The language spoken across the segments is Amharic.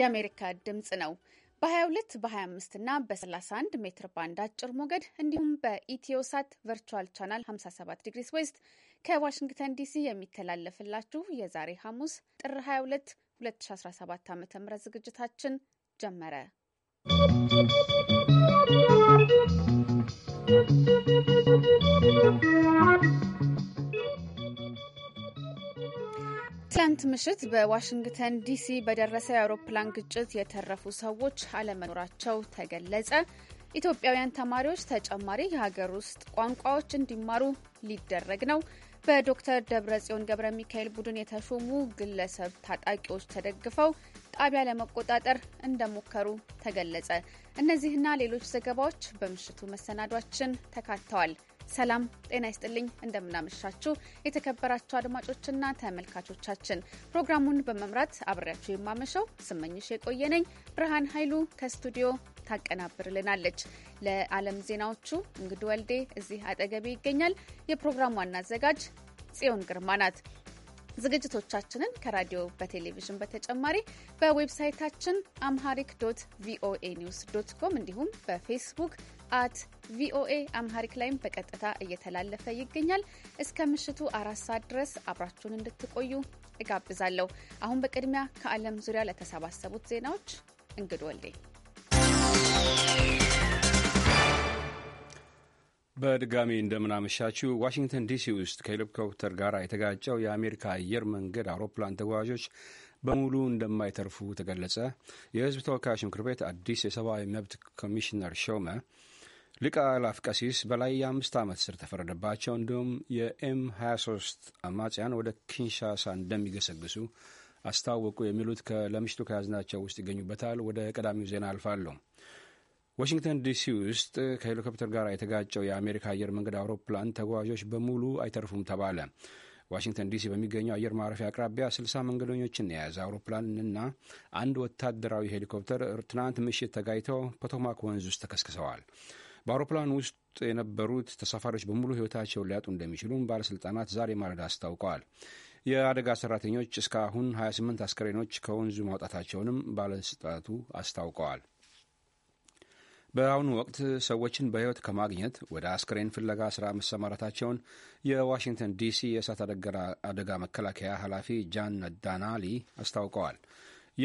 የአሜሪካ ድምፅ ነው። በ22 በ25 እና በ31 ሜትር ባንድ አጭር ሞገድ እንዲሁም በኢትዮሳት ቨርቹዋል ቻናል 57 ዲግሪስ ዌስት ከዋሽንግተን ዲሲ የሚተላለፍላችሁ የዛሬ ሐሙስ ጥር 22 2017 ዓ ም ዝግጅታችን ጀመረ። ¶¶ ትላንት ምሽት በዋሽንግተን ዲሲ በደረሰ የአውሮፕላን ግጭት የተረፉ ሰዎች አለመኖራቸው ተገለጸ። ኢትዮጵያውያን ተማሪዎች ተጨማሪ የሀገር ውስጥ ቋንቋዎች እንዲማሩ ሊደረግ ነው። በዶክተር ደብረጽዮን ገብረ ሚካኤል ቡድን የተሾሙ ግለሰብ ታጣቂዎች ተደግፈው ጣቢያ ለመቆጣጠር እንደሞከሩ ተገለጸ። እነዚህና ሌሎች ዘገባዎች በምሽቱ መሰናዷችን ተካተዋል። ሰላም ጤና ይስጥልኝ። እንደምናመሻችሁ የተከበራችሁ አድማጮችና ተመልካቾቻችን፣ ፕሮግራሙን በመምራት አብሬያችሁ የማመሸው ስመኝሽ የቆየነኝ። ብርሃን ኃይሉ ከስቱዲዮ ታቀናብርልናለች። ለዓለም ዜናዎቹ እንግዱ ወልዴ እዚህ አጠገቤ ይገኛል። የፕሮግራሙ ዋና አዘጋጅ ጽዮን ግርማ ናት። ዝግጅቶቻችንን ከራዲዮ በቴሌቪዥን በተጨማሪ በዌብሳይታችን አምሃሪክ ዶት ቪኦኤ ኒውስ ዶት ኮም እንዲሁም በፌስቡክ አት ቪኦኤ አምሃሪክ ላይም በቀጥታ እየተላለፈ ይገኛል። እስከ ምሽቱ አራት ሰዓት ድረስ አብራችሁን እንድትቆዩ እጋብዛለሁ። አሁን በቅድሚያ ከዓለም ዙሪያ ለተሰባሰቡት ዜናዎች እንግድ ወልዴ በድጋሚ እንደምናመሻችው ዋሽንግተን ዲሲ ውስጥ ከሄሊኮፕተር ጋር የተጋጨው የአሜሪካ አየር መንገድ አውሮፕላን ተጓዦች በሙሉ እንደማይተርፉ ተገለጸ። የሕዝብ ተወካዮች ምክር ቤት አዲስ የሰብአዊ መብት ኮሚሽነር ሾመ። ሊቀ ላፍቀሲስ ቀሲስ በላይ የአምስት ዓመት ስር ተፈረደባቸው። እንዲሁም የኤም 23 አማጽያን ወደ ኪንሻሳ እንደሚገሰግሱ አስታወቁ። የሚሉት ለምሽቱ ከያዝናቸው ውስጥ ይገኙበታል። ወደ ቀዳሚው ዜና አልፋለሁ። ዋሽንግተን ዲሲ ውስጥ ከሄሊኮፕተር ጋር የተጋጨው የአሜሪካ አየር መንገድ አውሮፕላን ተጓዦች በሙሉ አይተርፉም ተባለ። ዋሽንግተን ዲሲ በሚገኘው አየር ማረፊያ አቅራቢያ 60 መንገደኞችን የያዘ አውሮፕላንና አንድ ወታደራዊ ሄሊኮፕተር ትናንት ምሽት ተጋይተው ፖቶማክ ወንዝ ውስጥ ተከስክሰዋል። በአውሮፕላን ውስጥ የነበሩት ተሳፋሪዎች በሙሉ ሕይወታቸውን ሊያጡ እንደሚችሉም ባለሥልጣናት ዛሬ ማለዳ አስታውቀዋል። የአደጋ ሠራተኞች እስካሁን 28 አስከሬኖች ከወንዙ ማውጣታቸውንም ባለሥልጣናቱ አስታውቀዋል። በአሁኑ ወቅት ሰዎችን በሕይወት ከማግኘት ወደ አስክሬን ፍለጋ ሥራ መሰማራታቸውን የዋሽንግተን ዲሲ የእሳት አደጋ መከላከያ ኃላፊ ጃን ዳናሊ አስታውቀዋል።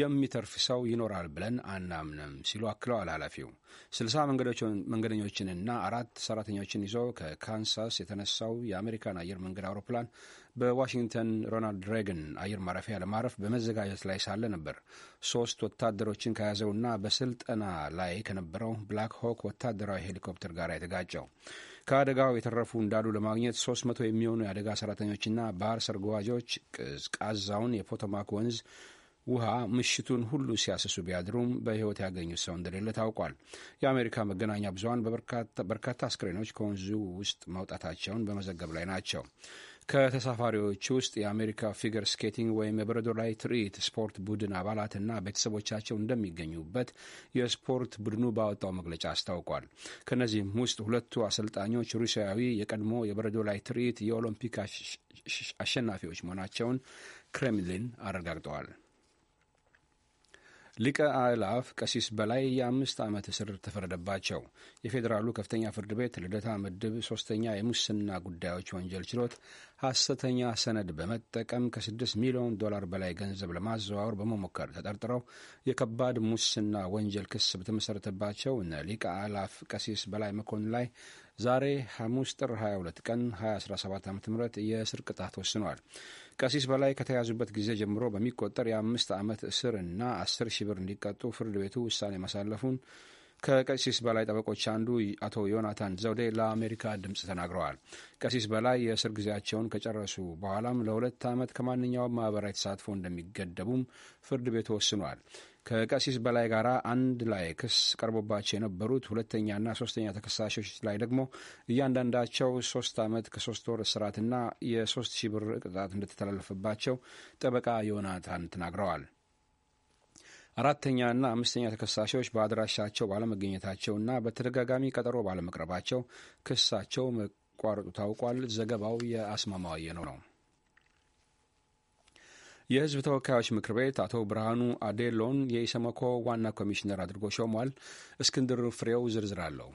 የሚተርፍ ሰው ይኖራል ብለን አናምንም ሲሉ አክለዋል ኃላፊው። ስልሳ መንገደኞችንና አራት ሰራተኞችን ይዞ ከካንሳስ የተነሳው የአሜሪካን አየር መንገድ አውሮፕላን በዋሽንግተን ሮናልድ ሬግን አየር ማረፊያ ለማረፍ በመዘጋጀት ላይ ሳለ ነበር ሶስት ወታደሮችን ከያዘውና በስልጠና ላይ ከነበረው ብላክ ሆክ ወታደራዊ ሄሊኮፕተር ጋር የተጋጨው። ከአደጋው የተረፉ እንዳሉ ለማግኘት 300 የሚሆኑ የአደጋ ሰራተኞችና ባህር ሰርጓጆች ቀዝቃዛውን የፖቶማክ ወንዝ ውሃ ምሽቱን ሁሉ ሲያስሱ ቢያድሩም በሕይወት ያገኙት ሰው እንደሌለ ታውቋል። የአሜሪካ መገናኛ ብዙሀን በርካታ አስክሬኖች ከወንዙ ውስጥ መውጣታቸውን በመዘገብ ላይ ናቸው። ከተሳፋሪዎች ውስጥ የአሜሪካ ፊገር ስኬቲንግ ወይም የበረዶ ላይ ትርኢት ስፖርት ቡድን አባላትና ቤተሰቦቻቸው እንደሚገኙበት የስፖርት ቡድኑ ባወጣው መግለጫ አስታውቋል። ከእነዚህም ውስጥ ሁለቱ አሰልጣኞች ሩሲያዊ የቀድሞ የበረዶ ላይ ትርኢት የኦሎምፒክ አሸናፊዎች መሆናቸውን ክሬምሊን አረጋግጠዋል። ሊቀ አእላፍ ቀሲስ በላይ የአምስት ዓመት እስር ተፈረደባቸው። የፌዴራሉ ከፍተኛ ፍርድ ቤት ልደታ ምድብ ሶስተኛ የሙስና ጉዳዮች ወንጀል ችሎት ሐሰተኛ ሰነድ በመጠቀም ከ6 ሚሊዮን ዶላር በላይ ገንዘብ ለማዘዋወር በመሞከር ተጠርጥረው የከባድ ሙስና ወንጀል ክስ በተመሰረተባቸው እነ ሊቀ አላፍ ቀሲስ በላይ መኮንን ላይ ዛሬ ሐሙስ ጥር 22 ቀን 2017 ዓ ም የእስር ቅጣት ወስኗል። ቀሲስ በላይ ከተያዙበት ጊዜ ጀምሮ በሚቆጠር የአምስት ዓመት እስር እና አስር ሺህ ብር እንዲቀጡ ፍርድ ቤቱ ውሳኔ ማሳለፉን ከቀሲስ በላይ ጠበቆች አንዱ አቶ ዮናታን ዘውዴ ለአሜሪካ ድምፅ ተናግረዋል። ቀሲስ በላይ የእስር ጊዜያቸውን ከጨረሱ በኋላም ለሁለት ዓመት ከማንኛውም ማህበራዊ ተሳትፎ እንደሚገደቡም ፍርድ ቤቱ ወስኗል። ከቀሲስ በላይ ጋር አንድ ላይ ክስ ቀርቦባቸው የነበሩት ሁለተኛና ሶስተኛ ተከሳሾች ላይ ደግሞ እያንዳንዳቸው ሶስት ዓመት ከሶስት ወር እስራትና የሶስት ሺህ ብር ቅጣት እንደተተላለፈባቸው ጠበቃ ዮናታን ተናግረዋል። አራተኛና አምስተኛ ተከሳሾች በአድራሻቸው ባለመገኘታቸውና በተደጋጋሚ ቀጠሮ ባለመቅረባቸው ክሳቸው መቋረጡ ታውቋል። ዘገባው የአስማማዋየ ነው ነው የሕዝብ ተወካዮች ምክር ቤት አቶ ብርሃኑ አዴሎን የኢሰመኮ ዋና ኮሚሽነር አድርጎ ሾሟል። እስክንድር ፍሬው ዝርዝር አለው።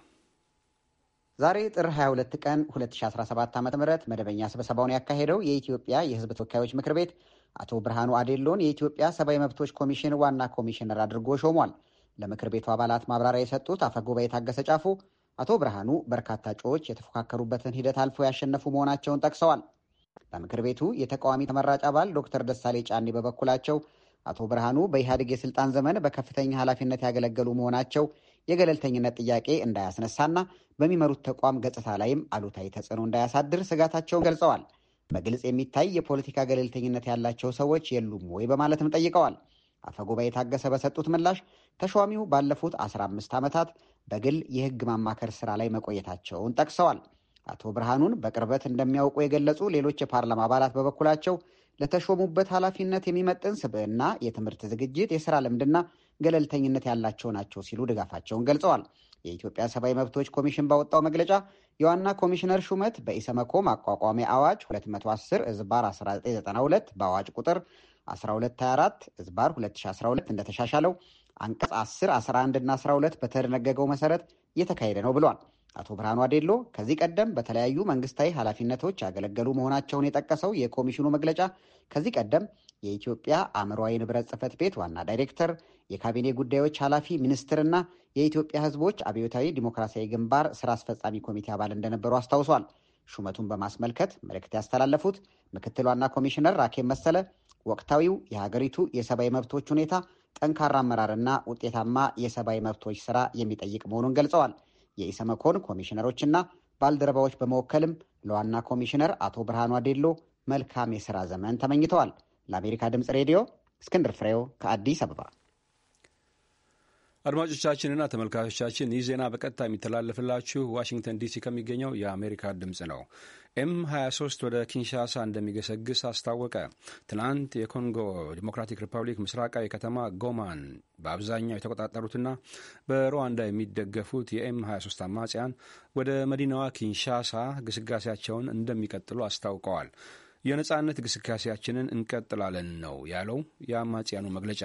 ዛሬ ጥር 22 ቀን 2017 ዓ ም መደበኛ ስብሰባውን ያካሄደው የኢትዮጵያ የሕዝብ ተወካዮች ምክር ቤት አቶ ብርሃኑ አዴሎን የኢትዮጵያ ሰብአዊ መብቶች ኮሚሽን ዋና ኮሚሽነር አድርጎ ሾሟል። ለምክር ቤቱ አባላት ማብራሪያ የሰጡት አፈ ጉባኤ ታገሰ ጫፉ አቶ ብርሃኑ በርካታ እጩዎች የተፎካከሩበትን ሂደት አልፎ ያሸነፉ መሆናቸውን ጠቅሰዋል። በምክር ቤቱ የተቃዋሚ ተመራጭ አባል ዶክተር ደሳሌ ጫኔ በበኩላቸው አቶ ብርሃኑ በኢህአዴግ የስልጣን ዘመን በከፍተኛ ኃላፊነት ያገለገሉ መሆናቸው የገለልተኝነት ጥያቄ እንዳያስነሳና በሚመሩት ተቋም ገጽታ ላይም አሉታዊ ተጽዕኖ እንዳያሳድር ስጋታቸውን ገልጸዋል። በግልጽ የሚታይ የፖለቲካ ገለልተኝነት ያላቸው ሰዎች የሉም ወይ በማለትም ጠይቀዋል። አፈ ጉባኤ ታገሰ በሰጡት ምላሽ ተሿሚው ባለፉት 15 ዓመታት በግል የህግ ማማከር ስራ ላይ መቆየታቸውን ጠቅሰዋል። አቶ ብርሃኑን በቅርበት እንደሚያውቁ የገለጹ ሌሎች የፓርላማ አባላት በበኩላቸው ለተሾሙበት ኃላፊነት የሚመጥን ስብዕና፣ የትምህርት ዝግጅት፣ የስራ ልምድና ገለልተኝነት ያላቸው ናቸው ሲሉ ድጋፋቸውን ገልጸዋል። የኢትዮጵያ ሰብአዊ መብቶች ኮሚሽን ባወጣው መግለጫ የዋና ኮሚሽነር ሹመት በኢሰመኮ ማቋቋሚ አዋጅ 210 እዝባር 1992 በአዋጅ ቁጥር 1224 እዝባር 2012 እንደተሻሻለው አንቀጽ 10፣ 11 እና 12 በተደነገገው መሰረት እየተካሄደ ነው ብሏል። አቶ ብርሃኑ አዴሎ ከዚህ ቀደም በተለያዩ መንግስታዊ ኃላፊነቶች ያገለገሉ መሆናቸውን የጠቀሰው የኮሚሽኑ መግለጫ ከዚህ ቀደም የኢትዮጵያ አእምሯዊ ንብረት ጽህፈት ቤት ዋና ዳይሬክተር፣ የካቢኔ ጉዳዮች ኃላፊ ሚኒስትርና የኢትዮጵያ ሕዝቦች አብዮታዊ ዲሞክራሲያዊ ግንባር ስራ አስፈጻሚ ኮሚቴ አባል እንደነበሩ አስታውሷል። ሹመቱን በማስመልከት መልእክት ያስተላለፉት ምክትል ዋና ኮሚሽነር ራኬብ መሰለ ወቅታዊው የሀገሪቱ የሰብአዊ መብቶች ሁኔታ ጠንካራ አመራርና ውጤታማ የሰብአዊ መብቶች ስራ የሚጠይቅ መሆኑን ገልጸዋል። የኢሰመኮን ኮሚሽነሮችና ባልደረባዎች በመወከልም ለዋና ኮሚሽነር አቶ ብርሃኑ አዴሎ መልካም የስራ ዘመን ተመኝተዋል። ለአሜሪካ ድምፅ ሬዲዮ እስክንድር ፍሬው ከአዲስ አበባ አድማጮቻችንና ተመልካቾቻችን ይህ ዜና በቀጥታ የሚተላለፍላችሁ ዋሽንግተን ዲሲ ከሚገኘው የአሜሪካ ድምፅ ነው። ኤም 23 ወደ ኪንሻሳ እንደሚገሰግስ አስታወቀ። ትናንት የኮንጎ ዲሞክራቲክ ሪፐብሊክ ምስራቃዊ ከተማ ጎማን በአብዛኛው የተቆጣጠሩትና በሩዋንዳ የሚደገፉት የኤም 23 አማጽያን ወደ መዲናዋ ኪንሻሳ ግስጋሴያቸውን እንደሚቀጥሉ አስታውቀዋል። የነጻነት ግስጋሴያችንን እንቀጥላለን ነው ያለው የአማጽያኑ መግለጫ።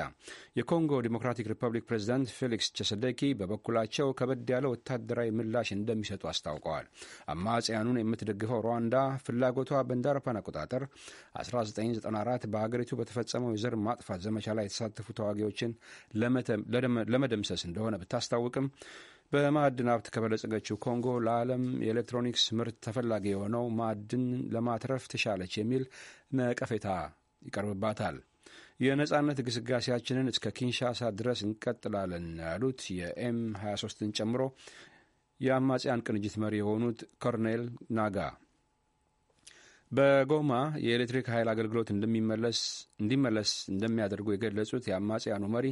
የኮንጎ ዲሞክራቲክ ሪፐብሊክ ፕሬዚዳንት ፌሊክስ ቸሰደኪ በበኩላቸው ከበድ ያለ ወታደራዊ ምላሽ እንደሚሰጡ አስታውቀዋል። አማጽያኑን የምትደግፈው ሩዋንዳ ፍላጎቷ በአውሮፓውያን አቆጣጠር 1994 በሀገሪቱ በተፈጸመው የዘር ማጥፋት ዘመቻ ላይ የተሳተፉ ተዋጊዎችን ለመደምሰስ እንደሆነ ብታስታውቅም በማዕድን ሀብት ከበለጸገችው ኮንጎ ለዓለም የኤሌክትሮኒክስ ምርት ተፈላጊ የሆነው ማዕድን ለማትረፍ ትሻለች የሚል ነቀፌታ ይቀርብባታል። የነጻነት ግስጋሴያችንን እስከ ኪንሻሳ ድረስ እንቀጥላለን ያሉት የኤም 23ን ጨምሮ የአማጽያን ቅንጅት መሪ የሆኑት ኮርኔል ናጋ በጎማ የኤሌክትሪክ ኃይል አገልግሎት እንዲመለስ እንደሚያደርጉ የገለጹት የአማጽያኑ መሪ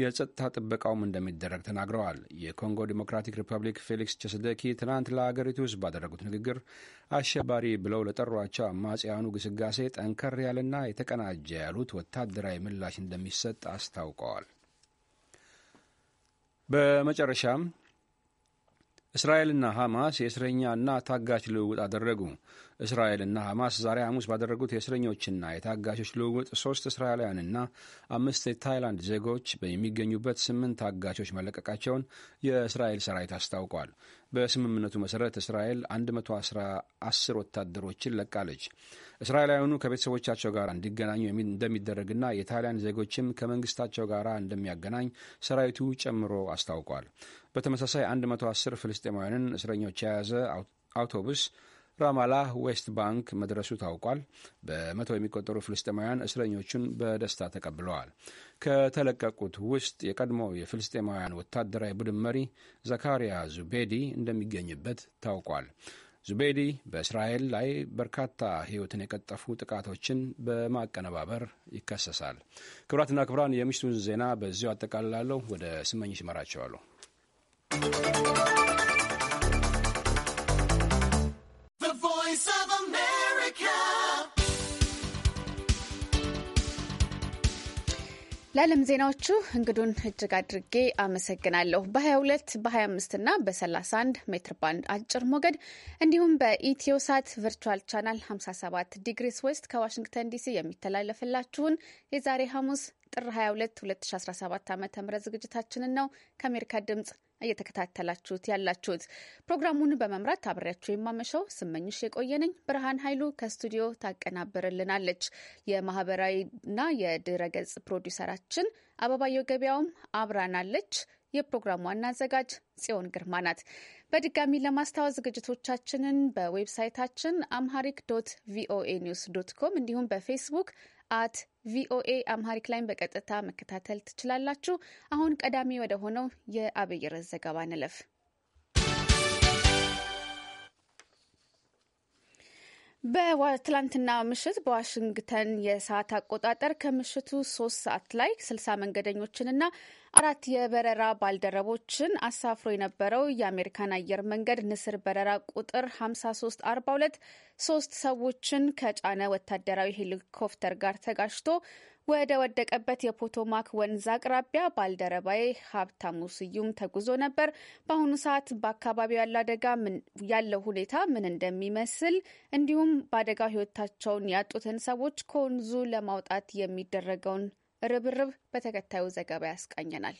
የጸጥታ ጥበቃውም እንደሚደረግ ተናግረዋል። የኮንጎ ዲሞክራቲክ ሪፐብሊክ ፌሊክስ ቸሰደኪ ትናንት ለአገሪቱ ህዝብ ባደረጉት ንግግር አሸባሪ ብለው ለጠሯቸው አማጽያኑ ግስጋሴ ጠንከር ያለና የተቀናጀ ያሉት ወታደራዊ ምላሽ እንደሚሰጥ አስታውቀዋል። በመጨረሻም እስራኤልና ሐማስ የእስረኛና ታጋች ልውውጥ አደረጉ። እስራኤልና ሐማስ ዛሬ ሐሙስ ባደረጉት የእስረኞችና የታጋቾች ልውውጥ ሶስት እስራኤላውያንና አምስት የታይላንድ ዜጎች በሚገኙበት ስምንት ታጋቾች መለቀቃቸውን የእስራኤል ሰራዊት አስታውቋል። በስምምነቱ መሠረት እስራኤል 110 ወታደሮችን ለቃለች። እስራኤላውያኑ ከቤተሰቦቻቸው ጋር እንዲገናኙ እንደሚደረግና የጣሊያን ዜጎችም ከመንግስታቸው ጋር እንደሚያገናኝ ሰራዊቱ ጨምሮ አስታውቋል። በተመሳሳይ 110 ፍልስጤማውያንን እስረኞች የያዘ አውቶቡስ ራማላ ዌስት ባንክ መድረሱ ታውቋል። በመቶ የሚቆጠሩ ፍልስጤማውያን እስረኞቹን በደስታ ተቀብለዋል። ከተለቀቁት ውስጥ የቀድሞ የፍልስጤማውያን ወታደራዊ ቡድን መሪ ዘካሪያ ዙቤዲ እንደሚገኝበት ታውቋል። ዙቤዲ በእስራኤል ላይ በርካታ ሕይወትን የቀጠፉ ጥቃቶችን በማቀነባበር ይከሰሳል። ክብራትና ክብራን የምሽቱን ዜና በዚሁ አጠቃልላለሁ። ወደ ስመኝሽ እመራቸዋለሁ። ለዓለም ዜናዎቹ እንግዱን እጅግ አድርጌ አመሰግናለሁ። በ22 በ25 እና በ31 ሜትር ባንድ አጭር ሞገድ እንዲሁም በኢትዮሳት ቨርቹዋል ቻናል 57 ዲግሪስ ዌስት ከዋሽንግተን ዲሲ የሚተላለፍላችሁን የዛሬ ሐሙስ ጥር 22 2017 ዓ ም ዝግጅታችንን ነው ከአሜሪካ ድምጽ እየተከታተላችሁት ያላችሁት። ፕሮግራሙን በመምራት አብሬያችሁ የማመሸው ስመኝሽ የቆየነኝ። ብርሃን ኃይሉ ከስቱዲዮ ና የማህበራዊና ገጽ ፕሮዲውሰራችን አበባየው ገበያውም አብራናለች። የፕሮግራሙ ዋና አዘጋጅ ጽዮን ግርማ ናት። በድጋሚ ለማስታወስ ዝግጅቶቻችንን በዌብሳይታችን አምሃሪክ ዶት ቪኦኤ ኒውስ ዶት ኮም እንዲሁም በፌስቡክ አት ቪኦኤ አምሃሪክ ላይም በቀጥታ መከታተል ትችላላችሁ። አሁን ቀዳሚ ወደ ሆነው የአብይረስ ዘገባ ንለፍ። በትላንትና ምሽት በዋሽንግተን የሰዓት አቆጣጠር ከምሽቱ ሶስት ሰዓት ላይ ስልሳ መንገደኞችንና አራት የበረራ ባልደረቦችን አሳፍሮ የነበረው የአሜሪካን አየር መንገድ ንስር በረራ ቁጥር 5342 ሶስት ሰዎችን ከጫነ ወታደራዊ ሄሊኮፕተር ጋር ተጋጭቶ ወደ ወደቀበት የፖቶማክ ወንዝ አቅራቢያ ባልደረባዬ ሀብታሙ ስዩም ተጉዞ ነበር። በአሁኑ ሰዓት በአካባቢው ያለው አደጋ ያለው ሁኔታ ምን እንደሚመስል እንዲሁም በአደጋው ሕይወታቸውን ያጡትን ሰዎች ከወንዙ ለማውጣት የሚደረገውን ርብርብ በተከታዩ ዘገባ ያስቃኘናል።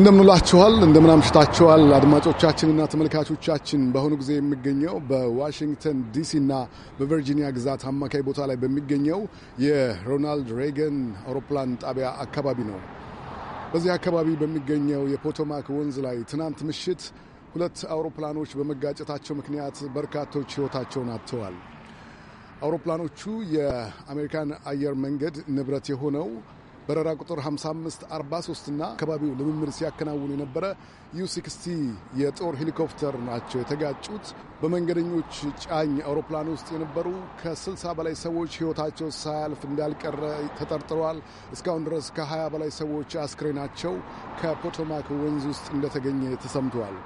እንደምንላችኋል እንደምን አምሽታችኋል አድማጮቻችንና ተመልካቾቻችን። በአሁኑ ጊዜ የሚገኘው በዋሽንግተን ዲሲና በቨርጂኒያ ግዛት አማካይ ቦታ ላይ በሚገኘው የሮናልድ ሬገን አውሮፕላን ጣቢያ አካባቢ ነው። በዚህ አካባቢ በሚገኘው የፖቶማክ ወንዝ ላይ ትናንት ምሽት ሁለት አውሮፕላኖች በመጋጨታቸው ምክንያት በርካቶች ሕይወታቸውን አጥተዋል። አውሮፕላኖቹ የአሜሪካን አየር መንገድ ንብረት የሆነው በረራ ቁጥር 43 እና አካባቢው ልምምድ ሲያከናውኑ የነበረ ዩ60 የጦር ሄሊኮፕተር ናቸው የተጋጩት። በመንገደኞች ጫኝ አውሮፕላን ውስጥ የነበሩ ከ60 በላይ ሰዎች ሕይወታቸው ሳያልፍ እንዳልቀረ ተጠርጥረዋል። እስካሁን ድረስ ከ20 በላይ ሰዎች አስክሬናቸው ከፖቶማክ ወንዝ ውስጥ እንደተገኘ ተሰምተዋል።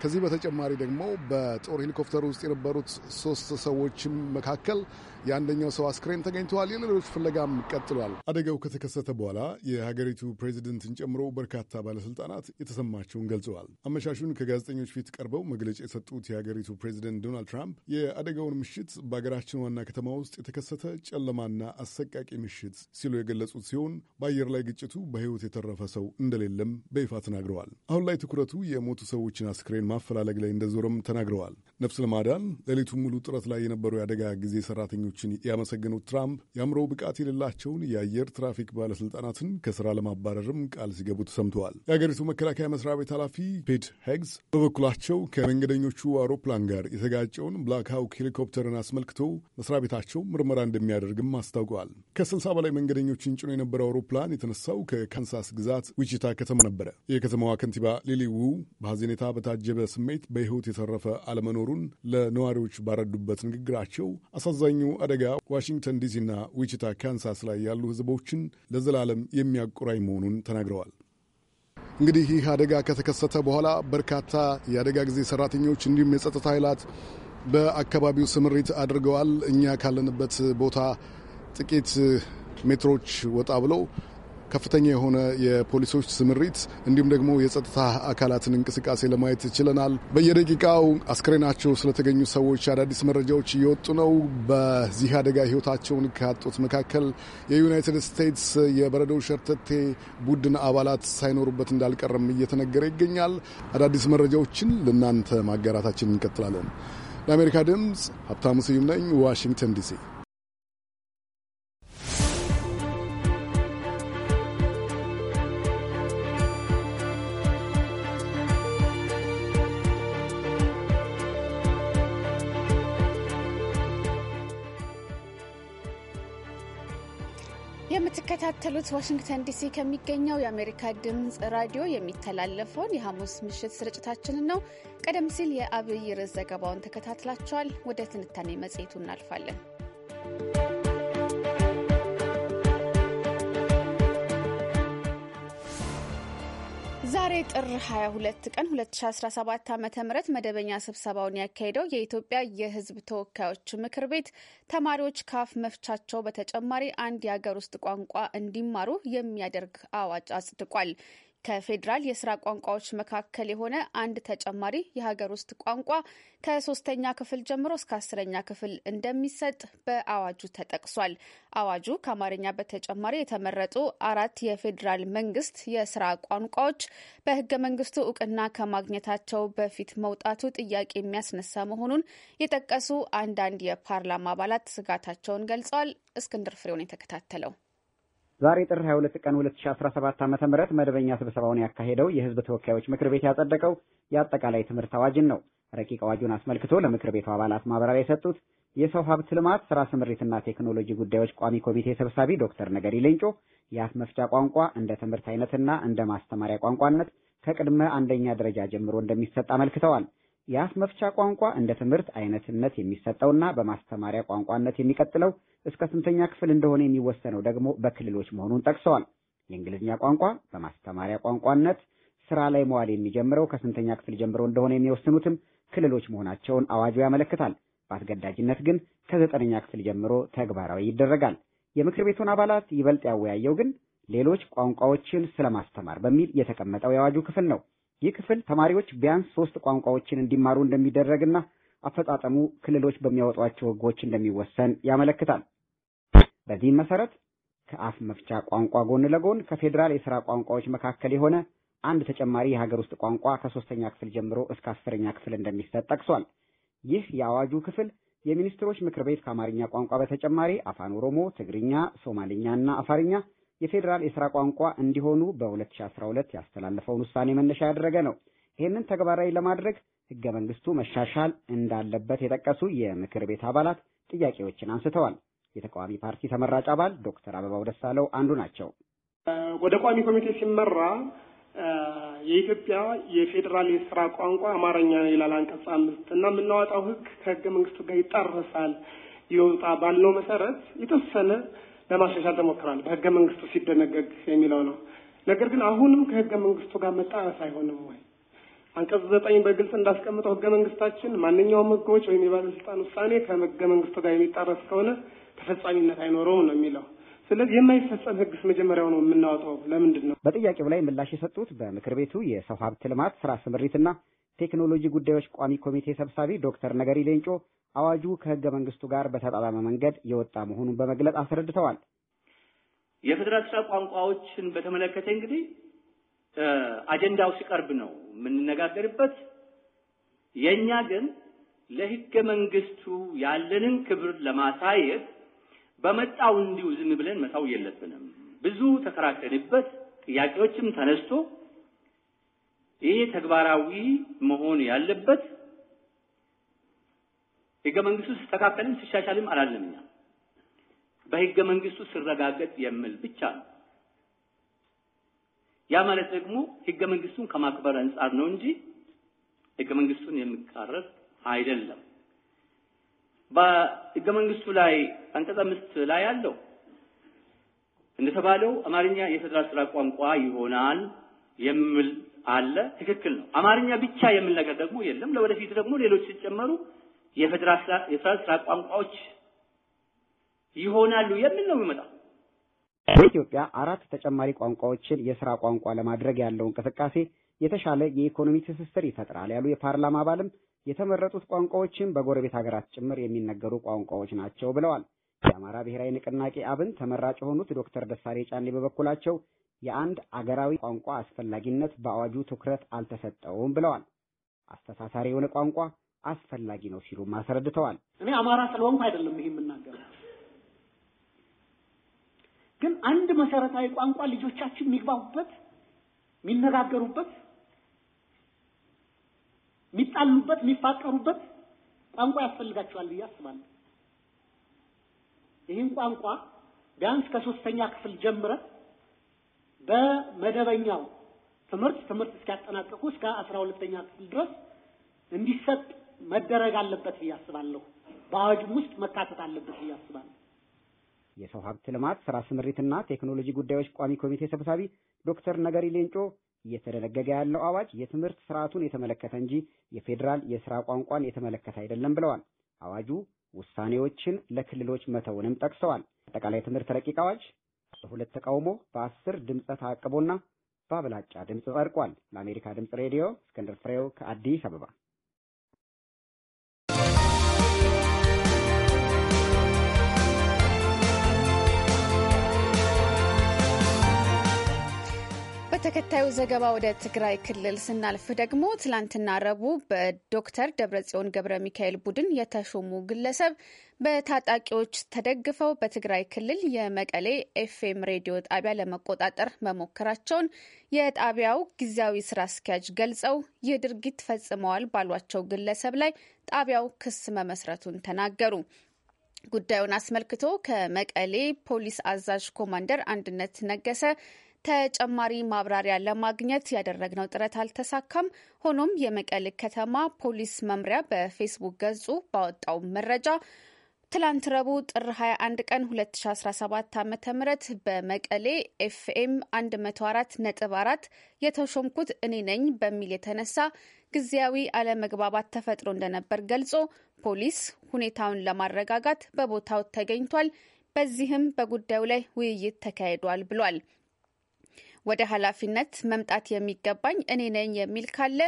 ከዚህ በተጨማሪ ደግሞ በጦር ሄሊኮፕተር ውስጥ የነበሩት ሶስት ሰዎችም መካከል የአንደኛው ሰው አስክሬን ተገኝተዋል። የሌሎች ፍለጋም ቀጥሏል። አደጋው ከተከሰተ በኋላ የሀገሪቱ ፕሬዚደንትን ጨምሮ በርካታ ባለስልጣናት የተሰማቸውን ገልጸዋል። አመሻሹን ከጋዜጠኞች ፊት ቀርበው መግለጫ የሰጡት የሀገሪቱ ፕሬዚደንት ዶናልድ ትራምፕ የአደጋውን ምሽት በሀገራችን ዋና ከተማ ውስጥ የተከሰተ ጨለማና አሰቃቂ ምሽት ሲሉ የገለጹት ሲሆን በአየር ላይ ግጭቱ በህይወት የተረፈ ሰው እንደሌለም በይፋ ተናግረዋል። አሁን ላይ ትኩረቱ የሞቱ ሰዎችን አስክሬን ማፈላለግ ላይ እንደዞረም ተናግረዋል። ነፍስ ለማዳን ሌሊቱን ሙሉ ጥረት ላይ የነበሩ የአደጋ ጊዜ ሰራተኞችን ያመሰገኑት ትራምፕ የአእምሮ ብቃት የሌላቸውን የአየር ትራፊክ ባለስልጣናትን ከስራ ለማባረርም ቃል ሲገቡ ተሰምተዋል። የአገሪቱ መከላከያ መስሪያ ቤት ኃላፊ ፔት ሄግስ በበኩላቸው ከመንገደኞቹ አውሮፕላን ጋር የተጋጨውን ብላክ ሃውክ ሄሊኮፕተርን አስመልክቶ መስሪያ ቤታቸው ምርመራ እንደሚያደርግም አስታውቀዋል። ከስልሳ በላይ መንገደኞችን ጭኖ የነበረው አውሮፕላን የተነሳው ከካንሳስ ግዛት ዊቺታ ከተማ ነበረ። የከተማዋ ከንቲባ ሊሊ ዉ በሐዘኔታ በታጀበ ስሜት በሕይወት የተረፈ አለመኖር መኖሩን ለነዋሪዎች ባረዱበት ንግግራቸው አሳዛኙ አደጋ ዋሽንግተን ዲሲና ዊችታ ካንሳስ ላይ ያሉ ህዝቦችን ለዘላለም የሚያቆራኝ መሆኑን ተናግረዋል። እንግዲህ ይህ አደጋ ከተከሰተ በኋላ በርካታ የአደጋ ጊዜ ሰራተኞች እንዲሁም የጸጥታ ኃይላት በአካባቢው ስምሪት አድርገዋል። እኛ ካለንበት ቦታ ጥቂት ሜትሮች ወጣ ብለው ከፍተኛ የሆነ የፖሊሶች ስምሪት እንዲሁም ደግሞ የጸጥታ አካላትን እንቅስቃሴ ለማየት ችለናል። በየደቂቃው አስክሬናቸው ስለተገኙ ሰዎች አዳዲስ መረጃዎች እየወጡ ነው። በዚህ አደጋ ህይወታቸውን ካጡት መካከል የዩናይትድ ስቴትስ የበረዶው ሸርተቴ ቡድን አባላት ሳይኖሩበት እንዳልቀረም እየተነገረ ይገኛል። አዳዲስ መረጃዎችን ለእናንተ ማጋራታችን እንቀጥላለን። ለአሜሪካ ድምፅ ሀብታሙ ስዩም ነኝ፣ ዋሽንግተን ዲሲ። የምትከታተሉት ዋሽንግተን ዲሲ ከሚገኘው የአሜሪካ ድምፅ ራዲዮ የሚተላለፈውን የሐሙስ ምሽት ስርጭታችንን ነው። ቀደም ሲል የአብይ ርዕስ ዘገባውን ተከታትላችኋል። ወደ ትንታኔ መጽሔቱ እናልፋለን። ዛሬ ጥር 22 ቀን 2017 ዓ ም መደበኛ ስብሰባውን ያካሄደው የኢትዮጵያ የሕዝብ ተወካዮች ምክር ቤት ተማሪዎች ከአፍ መፍቻቸው በተጨማሪ አንድ የሀገር ውስጥ ቋንቋ እንዲማሩ የሚያደርግ አዋጅ አጽድቋል። ከፌዴራል የስራ ቋንቋዎች መካከል የሆነ አንድ ተጨማሪ የሀገር ውስጥ ቋንቋ ከሶስተኛ ክፍል ጀምሮ እስከ አስረኛ ክፍል እንደሚሰጥ በአዋጁ ተጠቅሷል። አዋጁ ከአማርኛ በተጨማሪ የተመረጡ አራት የፌዴራል መንግስት የስራ ቋንቋዎች በህገ መንግስቱ እውቅና ከማግኘታቸው በፊት መውጣቱ ጥያቄ የሚያስነሳ መሆኑን የጠቀሱ አንዳንድ የፓርላማ አባላት ስጋታቸውን ገልጸዋል። እስክንድር ፍሬውን የተከታተለው ዛሬ ጥር 22 ቀን 2017 ዓ.ም መደበኛ ስብሰባውን ያካሄደው የህዝብ ተወካዮች ምክር ቤት ያጸደቀው የአጠቃላይ ትምህርት አዋጅን ነው። ረቂቅ አዋጁን አስመልክቶ ለምክር ቤቱ አባላት ማብራሪያ የሰጡት የሰው ሀብት ልማት ስራ ስምሪትና ቴክኖሎጂ ጉዳዮች ቋሚ ኮሚቴ ሰብሳቢ ዶክተር ነገሪ ሌንጮ የአፍ መፍቻ ቋንቋ እንደ ትምህርት አይነትና እንደ ማስተማሪያ ቋንቋነት ከቅድመ አንደኛ ደረጃ ጀምሮ እንደሚሰጥ አመልክተዋል። የአፍ መፍቻ ቋንቋ እንደ ትምህርት አይነትነት የሚሰጠውና በማስተማሪያ ቋንቋነት የሚቀጥለው እስከ ስንተኛ ክፍል እንደሆነ የሚወሰነው ደግሞ በክልሎች መሆኑን ጠቅሰዋል። የእንግሊዝኛ ቋንቋ በማስተማሪያ ቋንቋነት ስራ ላይ መዋል የሚጀምረው ከስንተኛ ክፍል ጀምሮ እንደሆነ የሚወስኑትም ክልሎች መሆናቸውን አዋጁ ያመለክታል። በአስገዳጅነት ግን ከዘጠነኛ ክፍል ጀምሮ ተግባራዊ ይደረጋል። የምክር ቤቱን አባላት ይበልጥ ያወያየው ግን ሌሎች ቋንቋዎችን ስለማስተማር በሚል የተቀመጠው የአዋጁ ክፍል ነው። ይህ ክፍል ተማሪዎች ቢያንስ ሶስት ቋንቋዎችን እንዲማሩ እንደሚደረግና አፈጻጸሙ ክልሎች በሚያወጧቸው ህጎች እንደሚወሰን ያመለክታል። በዚህም መሰረት ከአፍ መፍቻ ቋንቋ ጎን ለጎን ከፌዴራል የሥራ ቋንቋዎች መካከል የሆነ አንድ ተጨማሪ የሀገር ውስጥ ቋንቋ ከሶስተኛ ክፍል ጀምሮ እስከ አስረኛ ክፍል እንደሚሰጥ ጠቅሷል። ይህ የአዋጁ ክፍል የሚኒስትሮች ምክር ቤት ከአማርኛ ቋንቋ በተጨማሪ አፋን ኦሮሞ፣ ትግርኛ፣ ሶማሊኛ እና አፋርኛ የፌዴራል የስራ ቋንቋ እንዲሆኑ በ2012 ያስተላለፈውን ውሳኔ መነሻ ያደረገ ነው። ይህንን ተግባራዊ ለማድረግ ህገ መንግስቱ መሻሻል እንዳለበት የጠቀሱ የምክር ቤት አባላት ጥያቄዎችን አንስተዋል። የተቃዋሚ ፓርቲ ተመራጭ አባል ዶክተር አበባው ደሳለው አንዱ ናቸው። ወደ ቋሚ ኮሚቴ ሲመራ የኢትዮጵያ የፌዴራል የስራ ቋንቋ አማርኛ ይላል አንቀጽ አምስት እና የምናወጣው ህግ ከህገ መንግስቱ ጋር ይጣረሳል ይወጣ ባለው መሰረት የተወሰነ ለማሻሻል ተሞክሯል። በህገ መንግስቱ ሲደነገግ የሚለው ነው። ነገር ግን አሁንም ከህገ መንግስቱ ጋር መጣረስ አይሆንም ወይ? አንቀጽ ዘጠኝ በግልጽ እንዳስቀምጠው ህገ መንግስታችን ማንኛውም ህጎች ወይም የባለስልጣን ውሳኔ ከህገ መንግስቱ ጋር የሚጣረስ ከሆነ ተፈጻሚነት አይኖረውም ነው የሚለው። ስለዚህ የማይፈጸም ህግስ መጀመሪያው ነው የምናወጣው ለምንድን ነው? በጥያቄው ላይ ምላሽ የሰጡት በምክር ቤቱ የሰው ሀብት ልማት ስራ ስምሪትና ቴክኖሎጂ ጉዳዮች ቋሚ ኮሚቴ ሰብሳቢ ዶክተር ነገሪ ሌንጮ አዋጁ ከህገ መንግስቱ ጋር በተጣጣመ መንገድ የወጣ መሆኑን በመግለጽ አስረድተዋል። የፌዴራል ስራ ቋንቋዎችን በተመለከተ እንግዲህ አጀንዳው ሲቀርብ ነው የምንነጋገርበት። የእኛ ግን ለህገ መንግስቱ ያለንን ክብር ለማሳየት በመጣው እንዲሁ ዝም ብለን መታው የለብንም። ብዙ ተከራከርንበት፣ ጥያቄዎችም ተነስቶ ይሄ ተግባራዊ መሆን ያለበት ህገ መንግስቱ ሲስተካከልም ሲሻሻልም አላለምና በህገ መንግስቱ ሲረጋገጥ የሚል ብቻ ነው። ያ ማለት ደግሞ ህገ መንግስቱን ከማክበር አንጻር ነው እንጂ ህገ መንግስቱን የሚቃረብ አይደለም። በህገ መንግስቱ ላይ አንቀጽ አምስት ላይ ያለው እንደተባለው አማርኛ የፌደራል ስራ ቋንቋ ይሆናል የሚል አለ። ትክክል ነው። አማርኛ ብቻ የሚል ነገር ደግሞ የለም። ለወደፊት ደግሞ ሌሎች ሲጨመሩ የፈጥራ ቋንቋዎች ይሆናሉ የምን ነው የሚመጣው። በኢትዮጵያ አራት ተጨማሪ ቋንቋዎችን የስራ ቋንቋ ለማድረግ ያለው እንቅስቃሴ የተሻለ የኢኮኖሚ ትስስር ይፈጥራል ያሉ የፓርላማ አባልም የተመረጡት ቋንቋዎችን በጎረቤት ሀገራት ጭምር የሚነገሩ ቋንቋዎች ናቸው ብለዋል። የአማራ ብሔራዊ ንቅናቄ አብን ተመራጭ የሆኑት ዶክተር ደሳሬ ጫኔ በበኩላቸው የአንድ አገራዊ ቋንቋ አስፈላጊነት በአዋጁ ትኩረት አልተሰጠውም ብለዋል። አስተሳሳሪ የሆነ ቋንቋ አስፈላጊ ነው ሲሉ አስረድተዋል። እኔ አማራ ስለሆንኩ አይደለም ይሄ የምናገረው፣ ግን አንድ መሰረታዊ ቋንቋ ልጆቻችን የሚግባቡበት፣ የሚነጋገሩበት፣ የሚጣሉበት፣ የሚፋቀሩበት ቋንቋ ያስፈልጋቸዋል ብዬ አስባለሁ። ይህን ቋንቋ ቢያንስ ከሶስተኛ ክፍል ጀምረ በመደበኛው ትምህርት ትምህርት እስኪያጠናቀቁ እስከ አስራ ሁለተኛ ክፍል ድረስ እንዲሰጥ መደረግ አለበት ብዬ አስባለሁ። በአዋጅም ውስጥ መካተት አለበት ብዬ አስባለሁ። የሰው ሀብት ልማት ስራ ስምሪትና ቴክኖሎጂ ጉዳዮች ቋሚ ኮሚቴ ሰብሳቢ ዶክተር ነገሪ ሌንጮ እየተደነገገ ያለው አዋጅ የትምህርት ስርዓቱን የተመለከተ እንጂ የፌዴራል የስራ ቋንቋን የተመለከተ አይደለም ብለዋል። አዋጁ ውሳኔዎችን ለክልሎች መተውንም ጠቅሰዋል። አጠቃላይ ትምህርት ረቂቅ አዋጅ በሁለት ተቃውሞ በአስር ድምፀ ተአቅቦና በአብላጫ ድምፅ ጸድቋል። ለአሜሪካ ድምፅ ሬዲዮ እስክንድር ፍሬው ከአዲስ አበባ ተከታዩ ዘገባ ወደ ትግራይ ክልል ስናልፍ ደግሞ ትላንትና ረቡ በዶክተር ደብረጽዮን ገብረ ሚካኤል ቡድን የተሾሙ ግለሰብ በታጣቂዎች ተደግፈው በትግራይ ክልል የመቀሌ ኤፍኤም ሬዲዮ ጣቢያ ለመቆጣጠር መሞከራቸውን የጣቢያው ጊዜያዊ ስራ አስኪያጅ ገልጸው ይህ ድርጊት ፈጽመዋል ባሏቸው ግለሰብ ላይ ጣቢያው ክስ መመስረቱን ተናገሩ። ጉዳዩን አስመልክቶ ከመቀሌ ፖሊስ አዛዥ ኮማንደር አንድነት ነገሰ ተጨማሪ ማብራሪያ ለማግኘት ያደረግነው ጥረት አልተሳካም። ሆኖም የመቀሌ ከተማ ፖሊስ መምሪያ በፌስቡክ ገጹ ባወጣው መረጃ ትላንት ረቡዕ ጥር 21 ቀን 2017 ዓ ም በመቀሌ ኤፍኤም 4 የተሾምኩት እኔ ነኝ በሚል የተነሳ ጊዜያዊ አለመግባባት ተፈጥሮ እንደነበር ገልጾ ፖሊስ ሁኔታውን ለማረጋጋት በቦታው ተገኝቷል። በዚህም በጉዳዩ ላይ ውይይት ተካሂዷል ብሏል። ወደ ኃላፊነት መምጣት የሚገባኝ እኔ ነኝ የሚል ካለ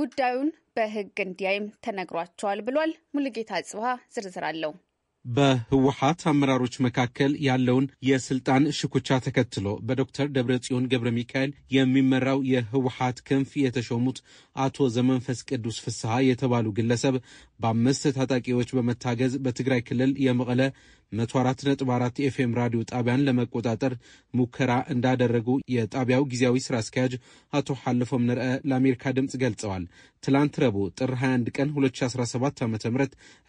ጉዳዩን በሕግ እንዲያይም ተነግሯቸዋል ብሏል። ሙሉጌታ ጽብሃ ዝርዝር አለው። አመራሮች መካከል ያለውን የስልጣን ሽኩቻ ተከትሎ በዶክተር ደብረጽዮን ገብረ ሚካኤል የሚመራው የህወሀት ክንፍ የተሾሙት አቶ ዘመንፈስ ቅዱስ ፍስሐ የተባሉ ግለሰብ በአምስት ታጣቂዎች በመታገዝ በትግራይ ክልል የመቀለ 104.4 ኤፍኤም ራዲዮ ጣቢያን ለመቆጣጠር ሙከራ እንዳደረጉ የጣቢያው ጊዜያዊ ስራ አስኪያጅ አቶ ሐልፎም ንርአ ለአሜሪካ ድምፅ ገልጸዋል። ትላንት ረቡዕ ጥር 21 ቀን 2017 ዓ ም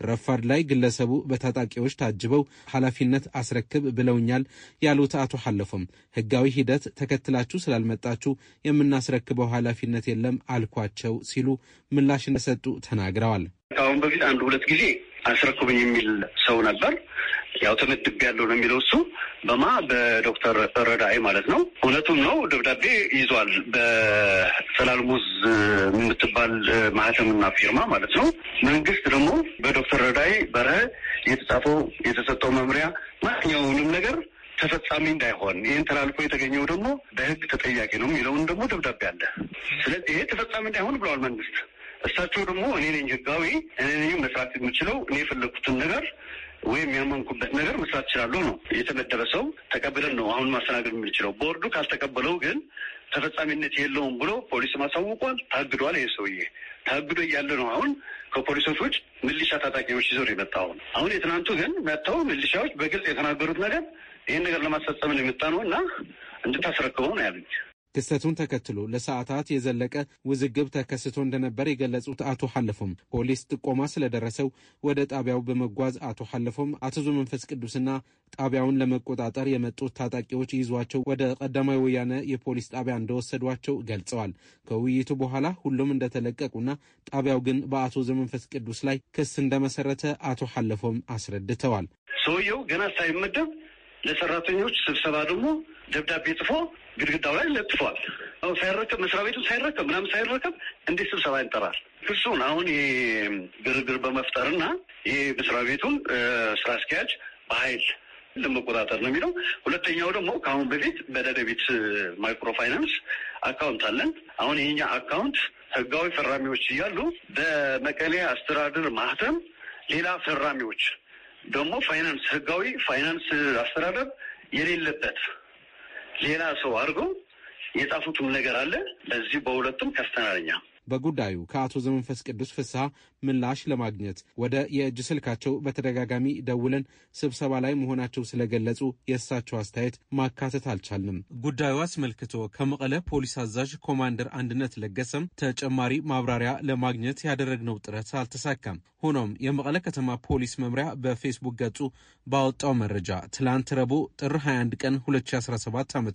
ረፋድ ላይ ግለሰቡ በታጣቂዎች ታጅበው ኃላፊነት አስረክብ ብለውኛል ያሉት አቶ ሐልፎም ህጋዊ ሂደት ተከትላችሁ ስላልመጣችሁ የምናስረክበው ኃላፊነት የለም አልኳቸው ሲሉ ምላሽ እንደሰጡ ተናግረዋል። ከአሁን በፊት አንድ ሁለት ጊዜ አስረክቡኝ የሚል ሰው ነበር። ያው ተመድብ ያለው ነው የሚለው እሱ በማ በዶክተር ረዳይ ማለት ነው። እውነቱም ነው ደብዳቤ ይዟል። በሰላልሙዝ የምትባል ማህተምና ፊርማ ማለት ነው። መንግስት ደግሞ በዶክተር ረዳይ በረህ የተጻፈው የተሰጠው መምሪያ ማንኛውንም ነገር ተፈጻሚ እንዳይሆን ይህን ተላልፎ የተገኘው ደግሞ በህግ ተጠያቂ ነው የሚለውን ደግሞ ደብዳቤ አለ። ስለዚህ ይሄ ተፈጻሚ እንዳይሆን ብለዋል መንግስት እሳቸው ደግሞ እኔ ነኝ ህጋዊ፣ እኔ ነኝ መስራት የምችለው፣ እኔ የፈለግኩትን ነገር ወይም ያመንኩበት ነገር መስራት እችላለሁ ነው የተመደበ ሰው ተቀብለን ነው አሁን ማስተናገድ የምንችለው። ቦርዱ ካልተቀበለው ግን ተፈጻሚነት የለውም ብሎ ፖሊስ ማሳውቋል። ታግዷል። ይህ ሰውዬ ታግዶ እያለ ነው አሁን ከፖሊሶች ምልሻ ታጣቂዎች ይዞር የመጣ አሁን አሁን የትናንቱ ግን መጥተው ምልሻዎች በግልጽ የተናገሩት ነገር ይህን ነገር ለማስፈጸም የመጣ ነው እና እንድታስረክበው ነው ክስተቱን ተከትሎ ለሰዓታት የዘለቀ ውዝግብ ተከስቶ እንደነበር የገለጹት አቶ ሐለፎም ፖሊስ ጥቆማ ስለደረሰው ወደ ጣቢያው በመጓዝ አቶ ሐለፎም አቶ መንፈስ ቅዱስና ጣቢያውን ለመቆጣጠር የመጡት ታጣቂዎች ይዟቸው ወደ ቀዳማዊ ወያነ የፖሊስ ጣቢያ እንደወሰዷቸው ገልጸዋል። ከውይይቱ በኋላ ሁሉም እንደተለቀቁና ጣቢያው ግን በአቶ ዘመንፈስ ቅዱስ ላይ ክስ እንደመሰረተ አቶ ሐለፎም አስረድተዋል። ሰውየው ገና ሳይመደብ ለሰራተኞች ስብሰባ ደግሞ ደብዳቤ ጽፎ ግድግዳው ላይ ለጥፏል። አሁን ሳይረከብ መስሪያ ቤቱ ሳይረከብ ምናምን ሳይረከብ እንዴት ስብሰባ ይጠራል? እሱን አሁን ይሄ ግርግር በመፍጠርና ይሄ መስሪያ ቤቱን ስራ አስኪያጅ በኃይል ለመቆጣጠር ነው የሚለው። ሁለተኛው ደግሞ ከአሁን በፊት በደደቢት ማይክሮ ፋይናንስ አካውንት አለን። አሁን ይሄኛ አካውንት ህጋዊ ፈራሚዎች እያሉ በመቀሌ አስተዳደር ማህተም ሌላ ፈራሚዎች ደግሞ ፋይናንስ ህጋዊ ፋይናንስ አስተዳደር የሌለበት ሌላ ሰው አድርገው የጻፉትም ነገር አለ። በዚህ በሁለቱም ከስተናለኛ በጉዳዩ ከአቶ ዘመንፈስ ቅዱስ ፍስሐ ምላሽ ለማግኘት ወደ የእጅ ስልካቸው በተደጋጋሚ ደውለን ስብሰባ ላይ መሆናቸው ስለገለጹ የእሳቸው አስተያየት ማካተት አልቻልንም። ጉዳዩ አስመልክቶ ከመቀለ ፖሊስ አዛዥ ኮማንደር አንድነት ለገሰም ተጨማሪ ማብራሪያ ለማግኘት ያደረግነው ጥረት አልተሳካም። ሆኖም የመቀለ ከተማ ፖሊስ መምሪያ በፌስቡክ ገጹ ባወጣው መረጃ ትላንት ረቡዕ ጥር 21 ቀን 2017 ዓ ም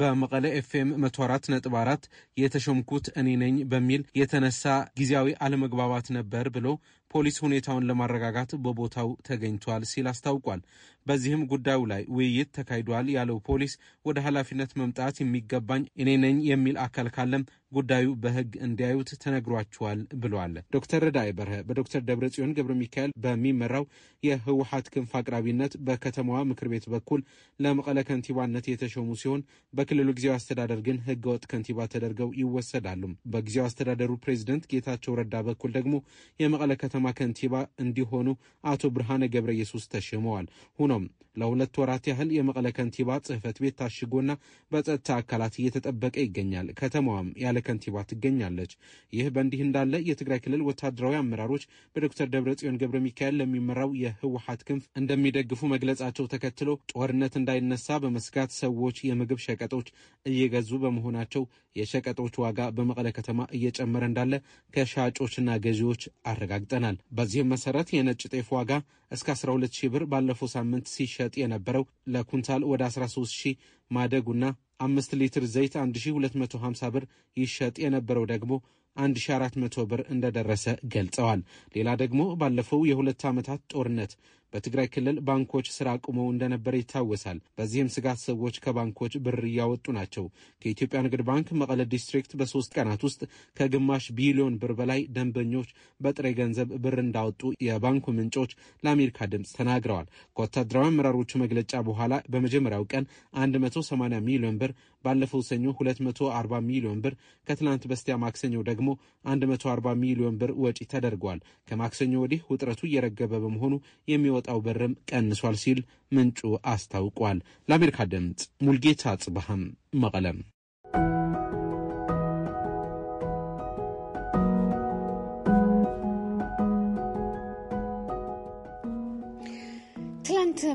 በመቀለ ኤፍኤም 4 የተሾምኩት እኔ ነኝ በሚል የተነሳ ጊዜያዊ አለመግባባት ነበር ነበር ብሎ ፖሊስ ሁኔታውን ለማረጋጋት በቦታው ተገኝቷል ሲል አስታውቋል። በዚህም ጉዳዩ ላይ ውይይት ተካሂዷል ያለው ፖሊስ ወደ ኃላፊነት መምጣት የሚገባኝ እኔ ነኝ የሚል አካል ካለም ጉዳዩ በሕግ እንዲያዩት ተነግሯቸዋል ብለዋል። ዶክተር ረዳይ በርሀ በዶክተር ጽዮን ገብረ ሚካኤል በሚመራው የህወሀት ክንፍ አቅራቢነት በከተማዋ ምክር ቤት በኩል ለመቀለ ከንቲባነት የተሾሙ ሲሆን በክልሉ ጊዜያዊ አስተዳደር ግን ህገወጥ ከንቲባ ተደርገው ይወሰዳሉ። በጊዜያዊ አስተዳደሩ ፕሬዚደንት ጌታቸው ረዳ በኩል ደግሞ የመቀለ ከተማ ከተማ ከንቲባ እንዲሆኑ አቶ ብርሃነ ገብረ ኢየሱስ ተሽመዋል። ሆኖም ለሁለት ወራት ያህል የመቀለ ከንቲባ ጽህፈት ቤት ታሽጎና በጸጥታ አካላት እየተጠበቀ ይገኛል። ከተማዋም ያለ ከንቲባ ትገኛለች። ይህ በእንዲህ እንዳለ የትግራይ ክልል ወታደራዊ አመራሮች በዶክተር ደብረ ጽዮን ገብረ ሚካኤል ለሚመራው የህወሀት ክንፍ እንደሚደግፉ መግለጻቸው ተከትሎ ጦርነት እንዳይነሳ በመስጋት ሰዎች የምግብ ሸቀጦች እየገዙ በመሆናቸው የሸቀጦች ዋጋ በመቀለ ከተማ እየጨመረ እንዳለ ከሻጮችና ገዢዎች አረጋግጠናል። በዚህም መሰረት የነጭ ጤፍ ዋጋ እስከ 12 ሺህ ብር ባለፈው ሳምንት ሲሸጥ የነበረው ለኩንታል ወደ 13 ሺህ ማደጉና አምስት ሊትር ዘይት 1250 ብር ይሸጥ የነበረው ደግሞ 1400 ብር እንደደረሰ ገልጸዋል። ሌላ ደግሞ ባለፈው የሁለት ዓመታት ጦርነት በትግራይ ክልል ባንኮች ስራ አቁመው እንደነበረ ይታወሳል። በዚህም ስጋት ሰዎች ከባንኮች ብር እያወጡ ናቸው። ከኢትዮጵያ ንግድ ባንክ መቀለ ዲስትሪክት በሶስት ቀናት ውስጥ ከግማሽ ቢሊዮን ብር በላይ ደንበኞች በጥሬ ገንዘብ ብር እንዳወጡ የባንኩ ምንጮች ለአሜሪካ ድምፅ ተናግረዋል። ከወታደራዊ አመራሮቹ መግለጫ በኋላ በመጀመሪያው ቀን 180 ሚሊዮን ብር ባለፈው ሰኞ 240 ሚሊዮን ብር፣ ከትላንት በስቲያ ማክሰኞ ደግሞ 140 ሚሊዮን ብር ወጪ ተደርጓል። ከማክሰኞ ወዲህ ውጥረቱ እየረገበ በመሆኑ የሚወጣው ብርም ቀንሷል ሲል ምንጩ አስታውቋል። ለአሜሪካ ድምፅ ሙልጌታ ጽብሃም መቀለም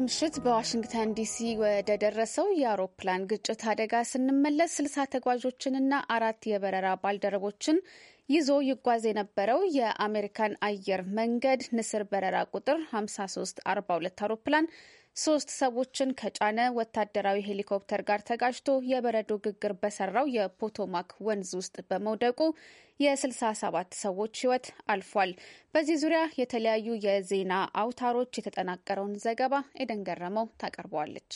ምሽት በዋሽንግተን ዲሲ ወደ ደረሰው የአውሮፕላን ግጭት አደጋ ስንመለስ ስልሳ ተጓዦችንና አራት የበረራ ባልደረቦችን ይዞ ይጓዝ የነበረው የአሜሪካን አየር መንገድ ንስር በረራ ቁጥር 5342 አውሮፕላን ሶስት ሰዎችን ከጫነ ወታደራዊ ሄሊኮፕተር ጋር ተጋጅቶ የበረዶ ግግር በሰራው የፖቶማክ ወንዝ ውስጥ በመውደቁ የ67 ሰዎች ሕይወት አልፏል። በዚህ ዙሪያ የተለያዩ የዜና አውታሮች የተጠናቀረውን ዘገባ ኤደን ገረመው ታቀርበዋለች።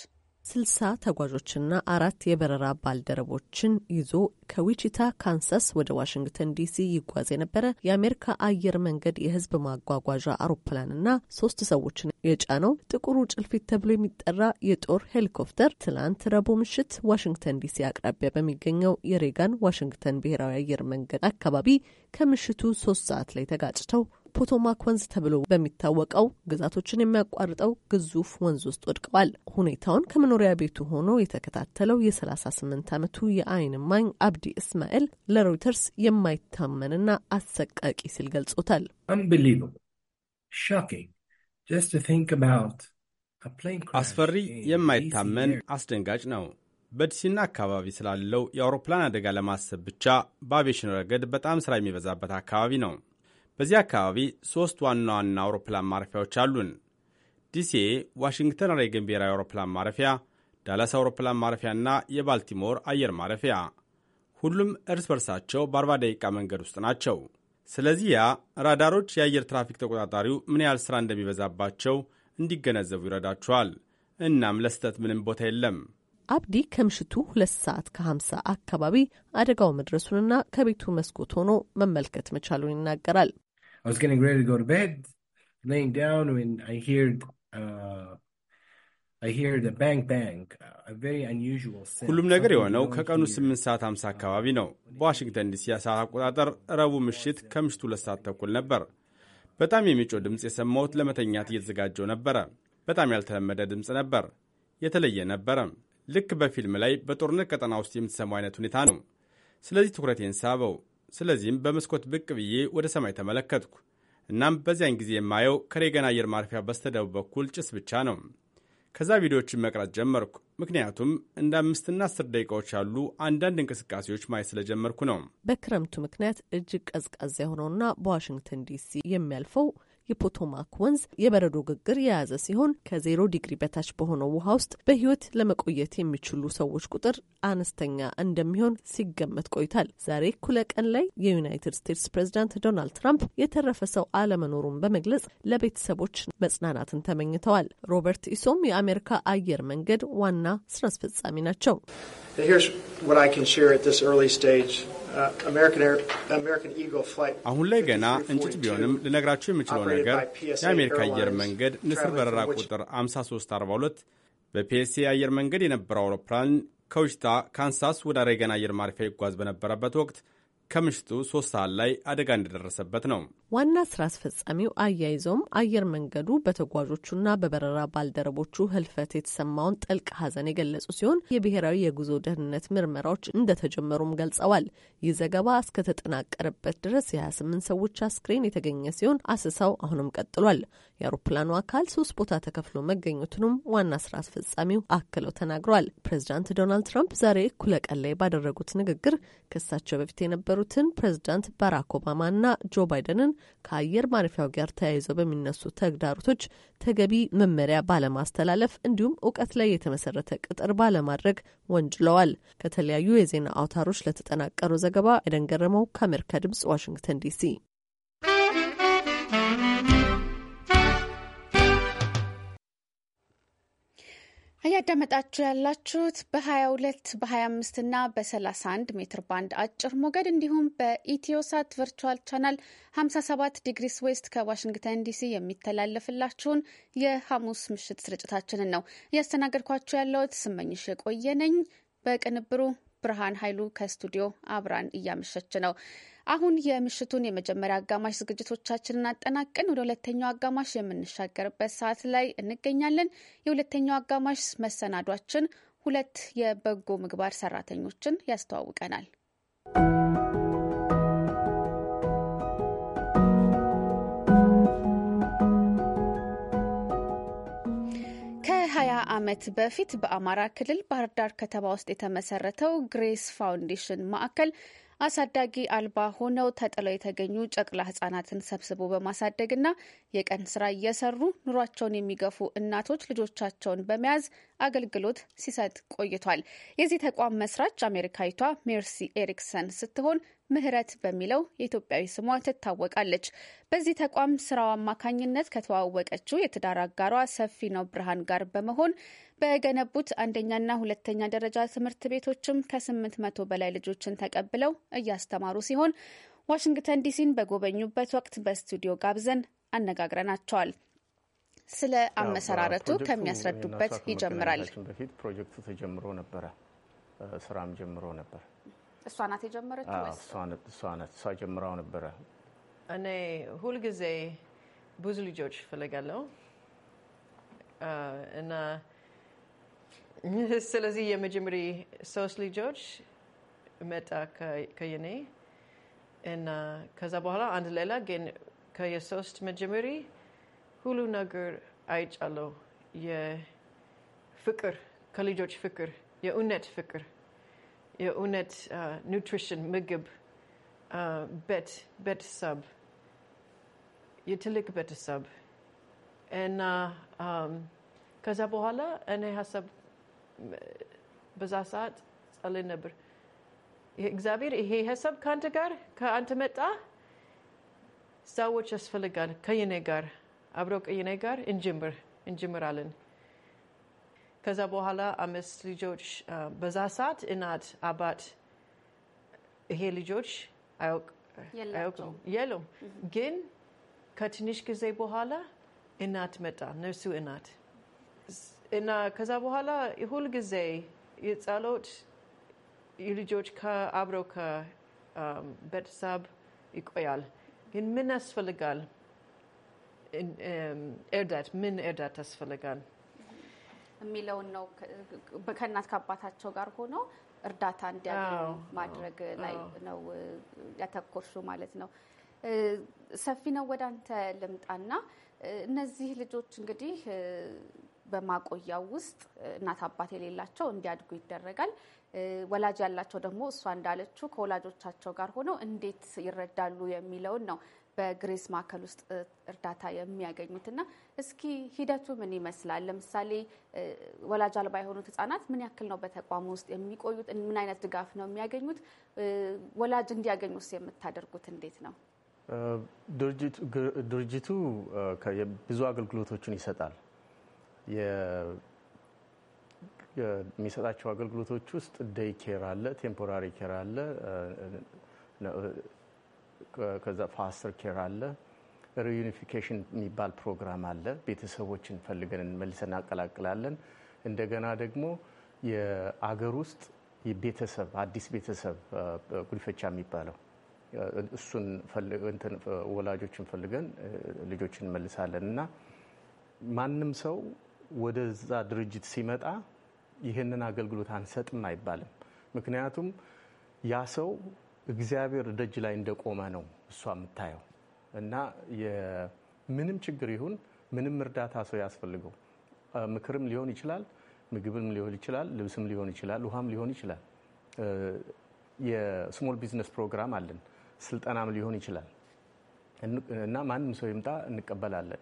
ስልሳ ተጓዦችና አራት የበረራ ባልደረቦችን ይዞ ከዊቺታ ካንሳስ ወደ ዋሽንግተን ዲሲ ይጓዝ የነበረ የአሜሪካ አየር መንገድ የህዝብ ማጓጓዣ አውሮፕላንና ሶስት ሰዎችን የጫነው ጥቁሩ ጭልፊት ተብሎ የሚጠራ የጦር ሄሊኮፕተር ትላንት ረቡዕ ምሽት ዋሽንግተን ዲሲ አቅራቢያ በሚገኘው የሬጋን ዋሽንግተን ብሔራዊ አየር መንገድ አካባቢ ከምሽቱ ሶስት ሰዓት ላይ ተጋጭተው ፖቶማክ ወንዝ ተብሎ በሚታወቀው ግዛቶችን የሚያቋርጠው ግዙፍ ወንዝ ውስጥ ወድቀዋል። ሁኔታውን ከመኖሪያ ቤቱ ሆኖ የተከታተለው የ38 ዓመቱ የአይን ማኝ አብዲ እስማኤል ለሮይተርስ የማይታመንና አሰቃቂ ሲል ገልጾታል። አስፈሪ፣ የማይታመን፣ አስደንጋጭ ነው። በዲሲና አካባቢ ስላለው የአውሮፕላን አደጋ ለማሰብ ብቻ በአቬሽን ረገድ በጣም ስራ የሚበዛበት አካባቢ ነው። በዚህ አካባቢ ሦስት ዋና ዋና አውሮፕላን ማረፊያዎች አሉን። ዲሲኤ ዋሽንግተን ሬገን ብሔራዊ አውሮፕላን ማረፊያ፣ ዳላስ አውሮፕላን ማረፊያና የባልቲሞር አየር ማረፊያ። ሁሉም እርስ በርሳቸው በ40 ደቂቃ መንገድ ውስጥ ናቸው። ስለዚህ ያ ራዳሮች የአየር ትራፊክ ተቆጣጣሪው ምን ያህል ሥራ እንደሚበዛባቸው እንዲገነዘቡ ይረዳቸዋል። እናም ለስህተት ምንም ቦታ የለም። አብዲ ከምሽቱ ሁለት ሰዓት ከ50 አካባቢ አደጋው መድረሱንና ከቤቱ መስኮት ሆኖ መመልከት መቻሉን ይናገራል። I was getting ready to go to bed, laying down when I heard uh, I hear the bang bang, a very unusual sound. ሁሉም ነገር የሆነው ከቀኑ 8 ሰዓት 50 አካባቢ ነው በዋሽንግተን ዲሲ የሰዓት አቆጣጠር ረቡዕ ምሽት ከምሽቱ ሁለት ሰዓት ተኩል ነበር። በጣም የሚጮህ ድምፅ የሰማሁት ለመተኛት እየተዘጋጀው ነበረ። በጣም ያልተለመደ ድምፅ ነበር፣ የተለየ ነበረ። ልክ በፊልም ላይ በጦርነት ቀጠና ውስጥ የምትሰማው አይነት ሁኔታ ነው። ስለዚህ ትኩረቴን ሳበው። ስለዚህም በመስኮት ብቅ ብዬ ወደ ሰማይ ተመለከትኩ። እናም በዚያን ጊዜ የማየው ከሬገን አየር ማረፊያ በስተደቡብ በኩል ጭስ ብቻ ነው። ከዛ ቪዲዮዎችን መቅረጽ ጀመርኩ። ምክንያቱም እንደ አምስትና አስር ደቂቃዎች ያሉ አንዳንድ እንቅስቃሴዎች ማየት ስለጀመርኩ ነው። በክረምቱ ምክንያት እጅግ ቀዝቃዛ የሆነውና በዋሽንግተን ዲሲ የሚያልፈው የፖቶማክ ወንዝ የበረዶ ግግር የያዘ ሲሆን ከዜሮ ዲግሪ በታች በሆነው ውሃ ውስጥ በሕይወት ለመቆየት የሚችሉ ሰዎች ቁጥር አነስተኛ እንደሚሆን ሲገመት ቆይታል። ዛሬ እኩለ ቀን ላይ የዩናይትድ ስቴትስ ፕሬዚዳንት ዶናልድ ትራምፕ የተረፈ ሰው አለመኖሩን በመግለጽ ለቤተሰቦች መጽናናትን ተመኝተዋል። ሮበርት ኢሶም የአሜሪካ አየር መንገድ ዋና ስራ አስፈጻሚ ናቸው። Uh, አሁን ላይ ገና እንጭት ቢሆንም ልነግራችሁ የምችለው ነገር የአሜሪካ አየር መንገድ ንስር በረራ ቁጥር 5342 በፒኤስሲ አየር መንገድ የነበረው አውሮፕላን ከውሽታ ካንሳስ ወደ ሬገን አየር ማረፊያ ይጓዝ በነበረበት ወቅት ከምሽቱ ሶስት ሰዓት ላይ አደጋ እንደደረሰበት ነው። ዋና ስራ አስፈጻሚው አያይዘውም አየር መንገዱ በተጓዦቹና በበረራ ባልደረቦቹ ህልፈት የተሰማውን ጥልቅ ሐዘን የገለጹ ሲሆን የብሔራዊ የጉዞ ደህንነት ምርመራዎች እንደተጀመሩም ገልጸዋል። ይህ ዘገባ እስከተጠናቀረበት ድረስ የ28 ሰዎች አስክሬን የተገኘ ሲሆን አስሳው አሁንም ቀጥሏል። የአውሮፕላኑ አካል ሶስት ቦታ ተከፍሎ መገኘቱንም ዋና ስራ አስፈጻሚው አክለው ተናግረዋል። ፕሬዚዳንት ዶናልድ ትራምፕ ዛሬ እኩለ ቀን ላይ ባደረጉት ንግግር ከእሳቸው በፊት የነበሩትን ፕሬዚዳንት ባራክ ኦባማና ጆ ባይደንን ከአየር ማረፊያው ጋር ተያይዘው በሚነሱ ተግዳሮቶች ተገቢ መመሪያ ባለማስተላለፍ እንዲሁም እውቀት ላይ የተመሰረተ ቅጥር ባለማድረግ ወንጅለዋል። ከተለያዩ የዜና አውታሮች ለተጠናቀሩ ዘገባ የደንገረመው ከአሜሪካ ድምጽ ዋሽንግተን ዲሲ እያዳመጣችሁ ያላችሁት በ22 በ25 እና በ31 ሜትር ባንድ አጭር ሞገድ እንዲሁም በኢትዮሳት ቨርቹዋል ቻናል 57 ዲግሪስ ዌስት ከዋሽንግተን ዲሲ የሚተላለፍላችሁን የሐሙስ ምሽት ስርጭታችንን ነው እያስተናገድኳችሁ ያለሁት ስመኝሽ የቆየ ነኝ። በቅንብሩ ብርሃን ኃይሉ ከስቱዲዮ አብራን እያመሸች ነው። አሁን የምሽቱን የመጀመሪያ አጋማሽ ዝግጅቶቻችንን አጠናቀን ወደ ሁለተኛው አጋማሽ የምንሻገርበት ሰዓት ላይ እንገኛለን። የሁለተኛው አጋማሽ መሰናዷችን ሁለት የበጎ ምግባር ሰራተኞችን ያስተዋውቀናል። ከሀያ ዓመት በፊት በአማራ ክልል ባህር ዳር ከተማ ውስጥ የተመሰረተው ግሬስ ፋውንዴሽን ማዕከል አሳዳጊ አልባ ሆነው ተጥለው የተገኙ ጨቅላ ህጻናትን ሰብስቦ በማሳደግና የቀን ስራ እየሰሩ ኑሯቸውን የሚገፉ እናቶች ልጆቻቸውን በመያዝ አገልግሎት ሲሰጥ ቆይቷል። የዚህ ተቋም መስራች አሜሪካዊቷ ሜርሲ ኤሪክሰን ስትሆን ምህረት በሚለው የኢትዮጵያዊ ስሟ ትታወቃለች። በዚህ ተቋም ስራው አማካኝነት ከተዋወቀችው የትዳር አጋሯ ሰፊ ነው ብርሃን ጋር በመሆን በገነቡት አንደኛና ሁለተኛ ደረጃ ትምህርት ቤቶችም ከስምንት መቶ በላይ ልጆችን ተቀብለው እያስተማሩ ሲሆን ዋሽንግተን ዲሲን በጎበኙበት ወቅት በስቱዲዮ ጋብዘን አነጋግረናቸዋል። ስለ አመሰራረቱ ከሚያስረዱበት ይጀምራል። በፊት ፕሮጀክቱ ተጀምሮ ነበረ፣ ስራም ጀምሮ ነበር። እሷ ናት የጀመረችው ወይስ እሷ ናት? እሷ ጀምራው ነበረ። እኔ ሁልጊዜ ብዙ ልጆች እፈልጋለሁ እና ስለዚህ የመጀመሪያ ሶስት ልጆች መጣ ከየኔ እና ከዛ በኋላ አንድ ሌላ ግን ከየሶስት መጀመሪ ሁሉ ነገር አይጫለው የፍቅር ከልጆች ፍቅር የእውነት ፍቅር የእውነት ኒውትሪሽን ምግብ ቤት ቤተሰብ የትልቅ ቤተሰብ እና ከዛ በኋላ እኔ ሀሳብ በዛ ሰዓት ጸልይ ነበር። እግዚአብሔር ይሄ ሀሳብ ከአንተ ጋር ከአንተ መጣ ሰዎች ያስፈልጋል ከየኔ ጋር አብረው ከየኔ ጋር እንጀምር እንጀምራለን። ከዛ በኋላ አምስት ልጆች በዛ ሰዓት እናት አባት ይሄ ልጆች አያውቅም የሉም። ግን ከትንሽ ጊዜ በኋላ እናት መጣ ነርሱ እናት እና ከዛ በኋላ ሁል ጊዜ የጸሎት የልጆች ከአብረው ከቤተሰብ ይቆያል። ግን ምን ያስፈልጋል? እርዳት ምን እርዳት ያስፈልጋል? የሚለውን ነው ከእናት ከአባታቸው ጋር ሆኖ እርዳታ እንዲያገኙ ማድረግ ላይ ነው ያተኮርሹ ማለት ነው። ሰፊ ነው። ወደ አንተ ልምጣና እነዚህ ልጆች እንግዲህ በማቆያው ውስጥ እናት አባት የሌላቸው እንዲያድጉ ይደረጋል። ወላጅ ያላቸው ደግሞ እሷ እንዳለችው ከወላጆቻቸው ጋር ሆነው እንዴት ይረዳሉ የሚለውን ነው በግሬስ ማዕከል ውስጥ እርዳታ የሚያገኙትና እስኪ ሂደቱ ምን ይመስላል? ለምሳሌ ወላጅ አልባ የሆኑት ህጻናት ምን ያክል ነው በተቋሙ ውስጥ የሚቆዩት? ምን አይነት ድጋፍ ነው የሚያገኙት? ወላጅ እንዲያገኙስ የምታደርጉት እንዴት ነው? ድርጅቱ ብዙ አገልግሎቶችን ይሰጣል። የሚሰጣቸው አገልግሎቶች ውስጥ ደይ ኬር አለ፣ ቴምፖራሪ ኬር አለ ከዛ ፋስተር ኬር አለ፣ ሪዩኒፊኬሽን የሚባል ፕሮግራም አለ። ቤተሰቦችን ፈልገን እንመልሰን እናቀላቅላለን። እንደገና ደግሞ የአገር ውስጥ ቤተሰብ አዲስ ቤተሰብ ጉድፈቻ የሚባለው እሱን ወላጆችን ፈልገን ልጆችን እንመልሳለን እና ማንም ሰው ወደዛ ድርጅት ሲመጣ ይህንን አገልግሎት አንሰጥም አይባልም። ምክንያቱም ያ ሰው እግዚአብሔር ደጅ ላይ እንደቆመ ነው እሷ የምታየው እና ምንም ችግር ይሁን ምንም እርዳታ ሰው ያስፈልገው ምክርም ሊሆን ይችላል፣ ምግብም ሊሆን ይችላል፣ ልብስም ሊሆን ይችላል፣ ውሃም ሊሆን ይችላል። የስሞል ቢዝነስ ፕሮግራም አለን፣ ስልጠናም ሊሆን ይችላል እና ማንም ሰው ይምጣ እንቀበላለን።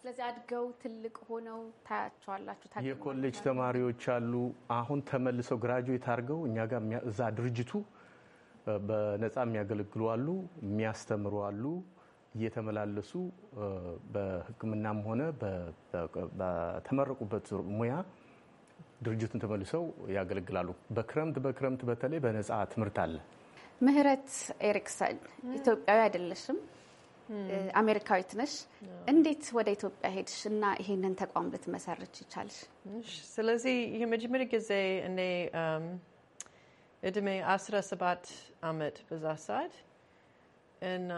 ስለዚህ አድገው ትልቅ ሆነው ታያቸዋላችሁ። የኮሌጅ ተማሪዎች አሉ። አሁን ተመልሰው ግራጁዌት አድርገው እኛ ጋር እዛ ድርጅቱ በነፃ የሚያገለግሉ አሉ፣ የሚያስተምሩ አሉ። እየተመላለሱ በሕክምናም ሆነ በተመረቁበት ሙያ ድርጅቱን ተመልሰው ያገለግላሉ። በክረምት በክረምት በተለይ በነፃ ትምህርት አለ። ምህረት ኤሪክሰን ኢትዮጵያዊ አይደለሽም፣ አሜሪካዊት ነሽ። እንዴት ወደ ኢትዮጵያ ሄድሽ እና ይሄንን ተቋም ልትመሰርች ይቻልሽ? ስለዚህ የመጀመሪያ ጊዜ እኔ እድሜ 17 ዓመት በዛ ሰዓት እና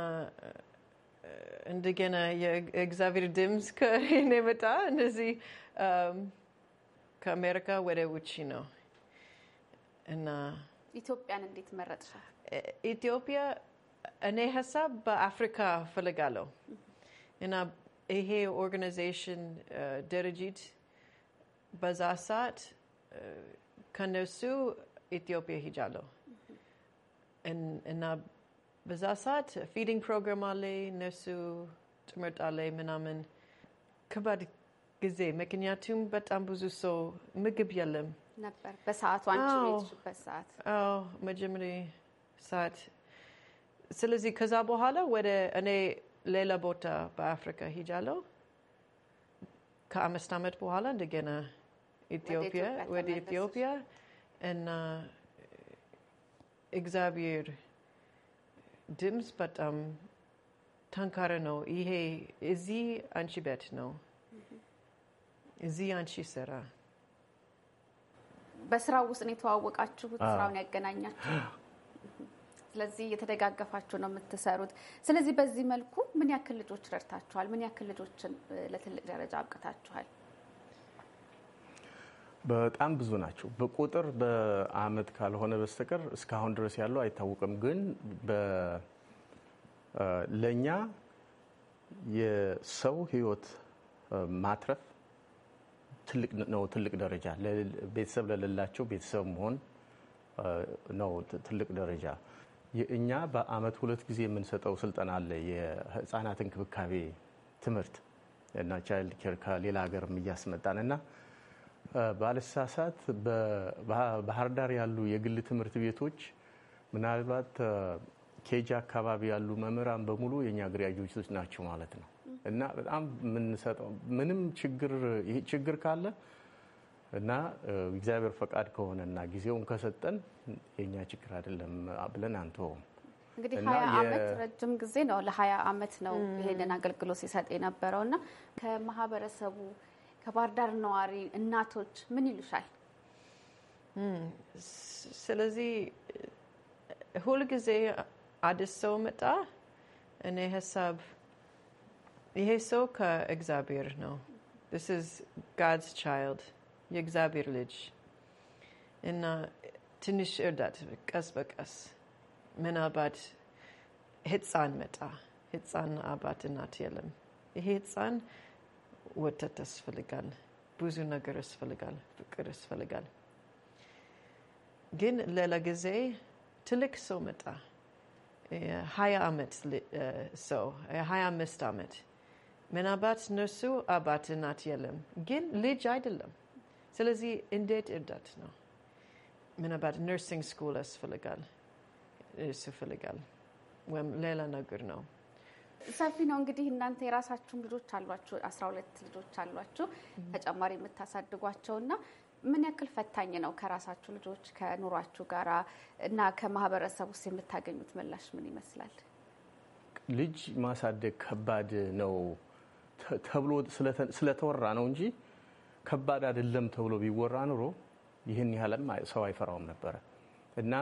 እንደገና የእግዚአብሔር ድምፅ ከእኔ መጣ። እንደዚህ ከአሜሪካ ወደ ውጭ ነው እና ኢትዮጵያን እንዴት መረጥሻል? ኢትዮጵያ እኔ ሀሳብ በአፍሪካ ፈልጋለሁ እና ይሄ ኦርጋናይዜሽን ድርጅት በዛ ሰዓት ከነሱ ኢትዮጵያ ሂጃለሁ እና በዛ ሰዓት ፊዲንግ ፕሮግራም ale ነርሱ ትምህርት አለ ምናምን ከባድ ጊዜ ምክንያቱም በጣም ብዙ ሰው ምግብ የለም ነበር በሰዓቱ አንቺ ሰዓት መጀመሪያ ሰዓት። ስለዚህ ከዛ በኋላ ወደ እኔ ሌላ ቦታ በአፍሪካ ሂጃለሁ። ከአምስት አመት በኋላ እንደገና ኢትዮጵያ ወደ ኢትዮጵያ እና እግዚአብሔር ድምፅ በጣም ጠንካራ ነው። ይሄ እዚህ አንቺ ቤት ነው፣ እዚህ አንቺ ስራ በስራው ውስጥ ነው የተዋወቃችሁት፣ ስራውን ያገናኛችሁ። ስለዚህ እየተደጋገፋችሁ ነው የምትሰሩት። ስለዚህ በዚህ መልኩ ምን ያክል ልጆች ረድታችኋል? ምን ያክል ልጆችን ለትልቅ ደረጃ አብቅታችኋል? በጣም ብዙ ናቸው። በቁጥር በአመት ካልሆነ በስተቀር እስካሁን ድረስ ያለው አይታወቅም። ግን ለእኛ የሰው ህይወት ማትረፍ ትልቅ ነው። ትልቅ ደረጃ ቤተሰብ ለሌላቸው ቤተሰብ መሆን ነው ትልቅ ደረጃ። እኛ በአመት ሁለት ጊዜ የምንሰጠው ስልጠና አለ። የህፃናት እንክብካቤ ትምህርት እና ቻይልድ ኬር ከሌላ ሀገርም እያስመጣን እና ባልሳሳት በባህር ዳር ያሉ የግል ትምህርት ቤቶች ምናልባት ኬጅ አካባቢ ያሉ መምህራን በሙሉ የእኛ ግራጁዌቶች ናቸው ማለት ነው። እና በጣም የምንሰጠው ምንም ችግር ችግር ካለ እና እግዚአብሔር ፈቃድ ከሆነ እና ጊዜውን ከሰጠን የእኛ ችግር አይደለም ብለን አንተውም። እንግዲህ ሀያ ዓመት ረጅም ጊዜ ነው። ለሀያ ዓመት ነው ይሄንን አገልግሎት ሲሰጥ የነበረው እና ከማህበረሰቡ ከባህር ዳር ነዋሪ እናቶች ምን ይሉሻል? ስለዚህ ሁልጊዜ አዲስ ሰው መጣ፣ እኔ ሀሳብ ይሄ ሰው ከእግዚአብሔር ነው። ስ ጋድስ ቻይልድ የእግዚአብሔር ልጅ እና ትንሽ እርዳት፣ ቀስ በቀስ ምናልባት ህፃን መጣ፣ ህፃን አባት እናት የለም። ይሄ ህፃን ወተት ያስፈልጋል፣ ብዙ ነገር ያስፈልጋል፣ ፍቅር ያስፈልጋል። ግን ሌላ ጊዜ ትልቅ ሰው መጣ፣ ሀያ አመት ሰው ሀያ አምስት አመት ምናባት እነሱ አባት እናት የለም፣ ግን ልጅ አይደለም። ስለዚህ እንዴት እርዳት ነው? ምናባት ነርሲንግ ስኩል ያስፈልጋል፣ እሱ ወይም ሌላ ነገር ነው። ሰፊ ነው እንግዲህ። እናንተ የራሳችሁም ልጆች አሏችሁ፣ አስራ ሁለት ልጆች አሏችሁ ተጨማሪ የምታሳድጓቸው እና ምን ያክል ፈታኝ ነው? ከራሳችሁ ልጆች ከኑሯችሁ ጋራ እና ከማህበረሰብ ውስጥ የምታገኙት ምላሽ ምን ይመስላል? ልጅ ማሳደግ ከባድ ነው ተብሎ ስለተወራ ነው እንጂ ከባድ አይደለም ተብሎ ቢወራ ኑሮ ይህን ያህልም ሰው አይፈራውም ነበረ እና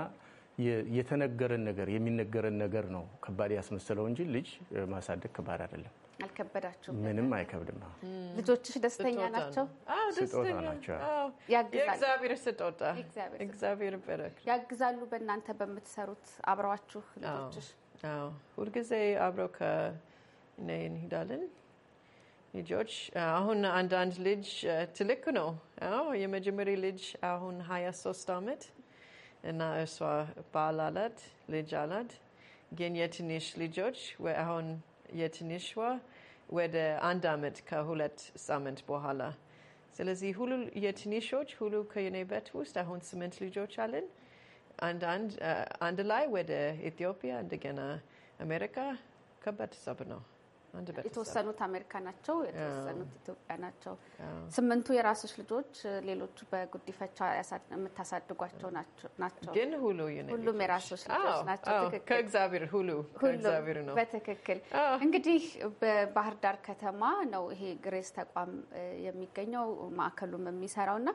የተነገረን ነገር የሚነገረን ነገር ነው ከባድ ያስመሰለው እንጂ ልጅ ማሳደግ ከባድ አይደለም። አልከበዳችሁም? ምንም አይከብድም። ልጆችሽ ደስተኛ ናቸው? ስጦታ ናቸው። የእግዚአብሔር ስጦታ እግዚአብሔር በረክ። ያግዛሉ በእናንተ በምትሰሩት አብረዋችሁ ልጆችሽ? ሁልጊዜ አብረው ከእኔ እንሄዳለን። ልጆች አሁን አንዳንድ ልጅ ትልቅ ነው የመጀመሪያ ልጅ አሁን ሀያ ሶስት አመት እና እሷ ባል አላት፣ ልጅ አላት። ግን የትንሽ ልጆች አሁን የትንሽዋ ወደ አንድ አመት ከሁለት ሳምንት በኋላ ስለዚህ ሁሉ የትንሾች ሁሉ ከኔ ቤት ውስጥ አሁን ስምንት ልጆች አለን። አንድ ላይ ወደ ኢትዮጵያ እንደገና አሜሪካ ከቤተሰብ ነው። የተወሰኑት አሜሪካ ናቸው፣ የተወሰኑት ኢትዮጵያ ናቸው። ስምንቱ የራስሽ ልጆች፣ ሌሎቹ በጉዲፈቻ የምታሳድጓቸው ናቸው። ግን ሁሉ ሁሉም የራስሽ ልጆች ናቸው። ከእግዚአብሔር ሁሉ ከእግዚአብሔር ነው። በትክክል እንግዲህ በባህር ዳር ከተማ ነው ይሄ ግሬስ ተቋም የሚገኘው ማዕከሉም የሚሰራው እና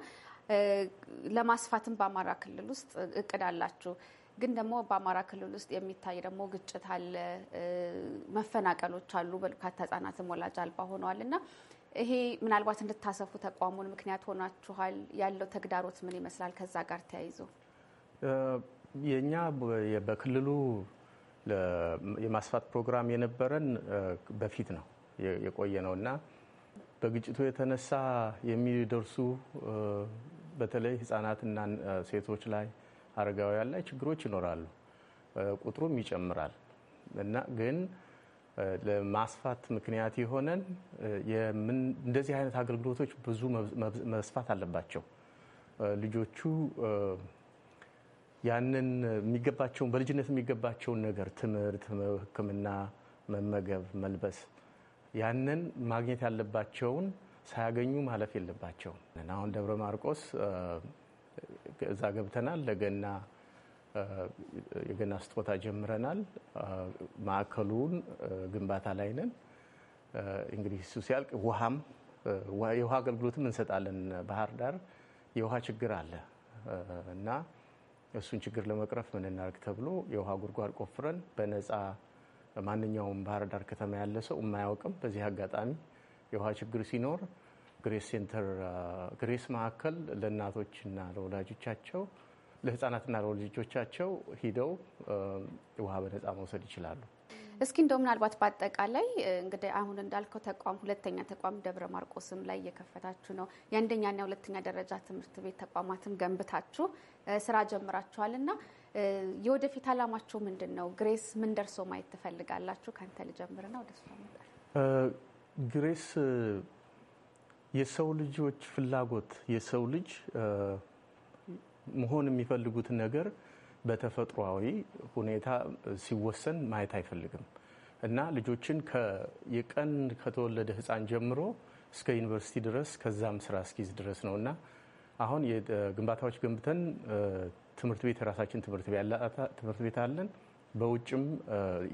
ለማስፋትም በአማራ ክልል ውስጥ እቅድ አላችሁ። ግን ደግሞ በአማራ ክልል ውስጥ የሚታይ ደግሞ ግጭት አለ፣ መፈናቀሎች አሉ፣ በርካታ ህጻናትም ወላጅ አልባ ሆነዋል እና ይሄ ምናልባት እንድታሰፉ ተቋሙን ምክንያት ሆናችኋል። ያለው ተግዳሮት ምን ይመስላል? ከዛ ጋር ተያይዞ የእኛ በክልሉ የማስፋት ፕሮግራም የነበረን በፊት ነው የቆየ ነው እና በግጭቱ የተነሳ የሚደርሱ በተለይ ህጻናትና ሴቶች ላይ አረጋውያን ላይ ችግሮች ይኖራሉ። ቁጥሩም ይጨምራል እና ግን ለማስፋት ምክንያት የሆነን እንደዚህ አይነት አገልግሎቶች ብዙ መስፋት አለባቸው። ልጆቹ ያንን የሚገባቸውን በልጅነት የሚገባቸውን ነገር ትምህርት፣ ሕክምና፣ መመገብ፣ መልበስ ያንን ማግኘት ያለባቸውን ሳያገኙ ማለፍ የለባቸውም። አሁን ደብረ ማርቆስ እዛ ገብተናል። ለገና የገና ስጦታ ጀምረናል። ማዕከሉን ግንባታ ላይ ነን። እንግዲህ እሱ ሲያልቅ ውሃም የውሃ አገልግሎትም እንሰጣለን። ባህር ዳር የውሃ ችግር አለ እና እሱን ችግር ለመቅረፍ ምን እናርግ ተብሎ የውሃ ጉድጓድ ቆፍረን በነፃ ማንኛውም ባህር ዳር ከተማ ያለ ሰው የማያውቅም በዚህ አጋጣሚ የውሃ ችግር ሲኖር ግሬስ ሴንተር ግሬስ ማዕከል ለእናቶችና ለወላጆቻቸው ለህፃናትና ለወላጆቻቸው ሂደው ውሃ በነፃ መውሰድ ይችላሉ። እስኪ እንደው ምናልባት በአጠቃላይ እንግዲህ አሁን እንዳልከው ተቋም ሁለተኛ ተቋም ደብረ ማርቆስም ላይ እየከፈታችሁ ነው። የአንደኛና የሁለተኛ ደረጃ ትምህርት ቤት ተቋማትም ገንብታችሁ ስራ ጀምራችኋል እና የወደፊት አላማችሁ ምንድን ነው? ግሬስ ምን ደርሶ ማየት ትፈልጋላችሁ? ከአንተ ልጀምርና ወደ እሷ ግሬስ የሰው ልጆች ፍላጎት የሰው ልጅ መሆን የሚፈልጉት ነገር በተፈጥሯዊ ሁኔታ ሲወሰን ማየት አይፈልግም እና ልጆችን የቀን ከተወለደ ህፃን ጀምሮ እስከ ዩኒቨርሲቲ ድረስ ከዛም ስራ እስኪዝ ድረስ ነው እና አሁን ግንባታዎች ገንብተን ትምህርት ቤት የራሳችን ትምህርት ቤት አለን። በውጭም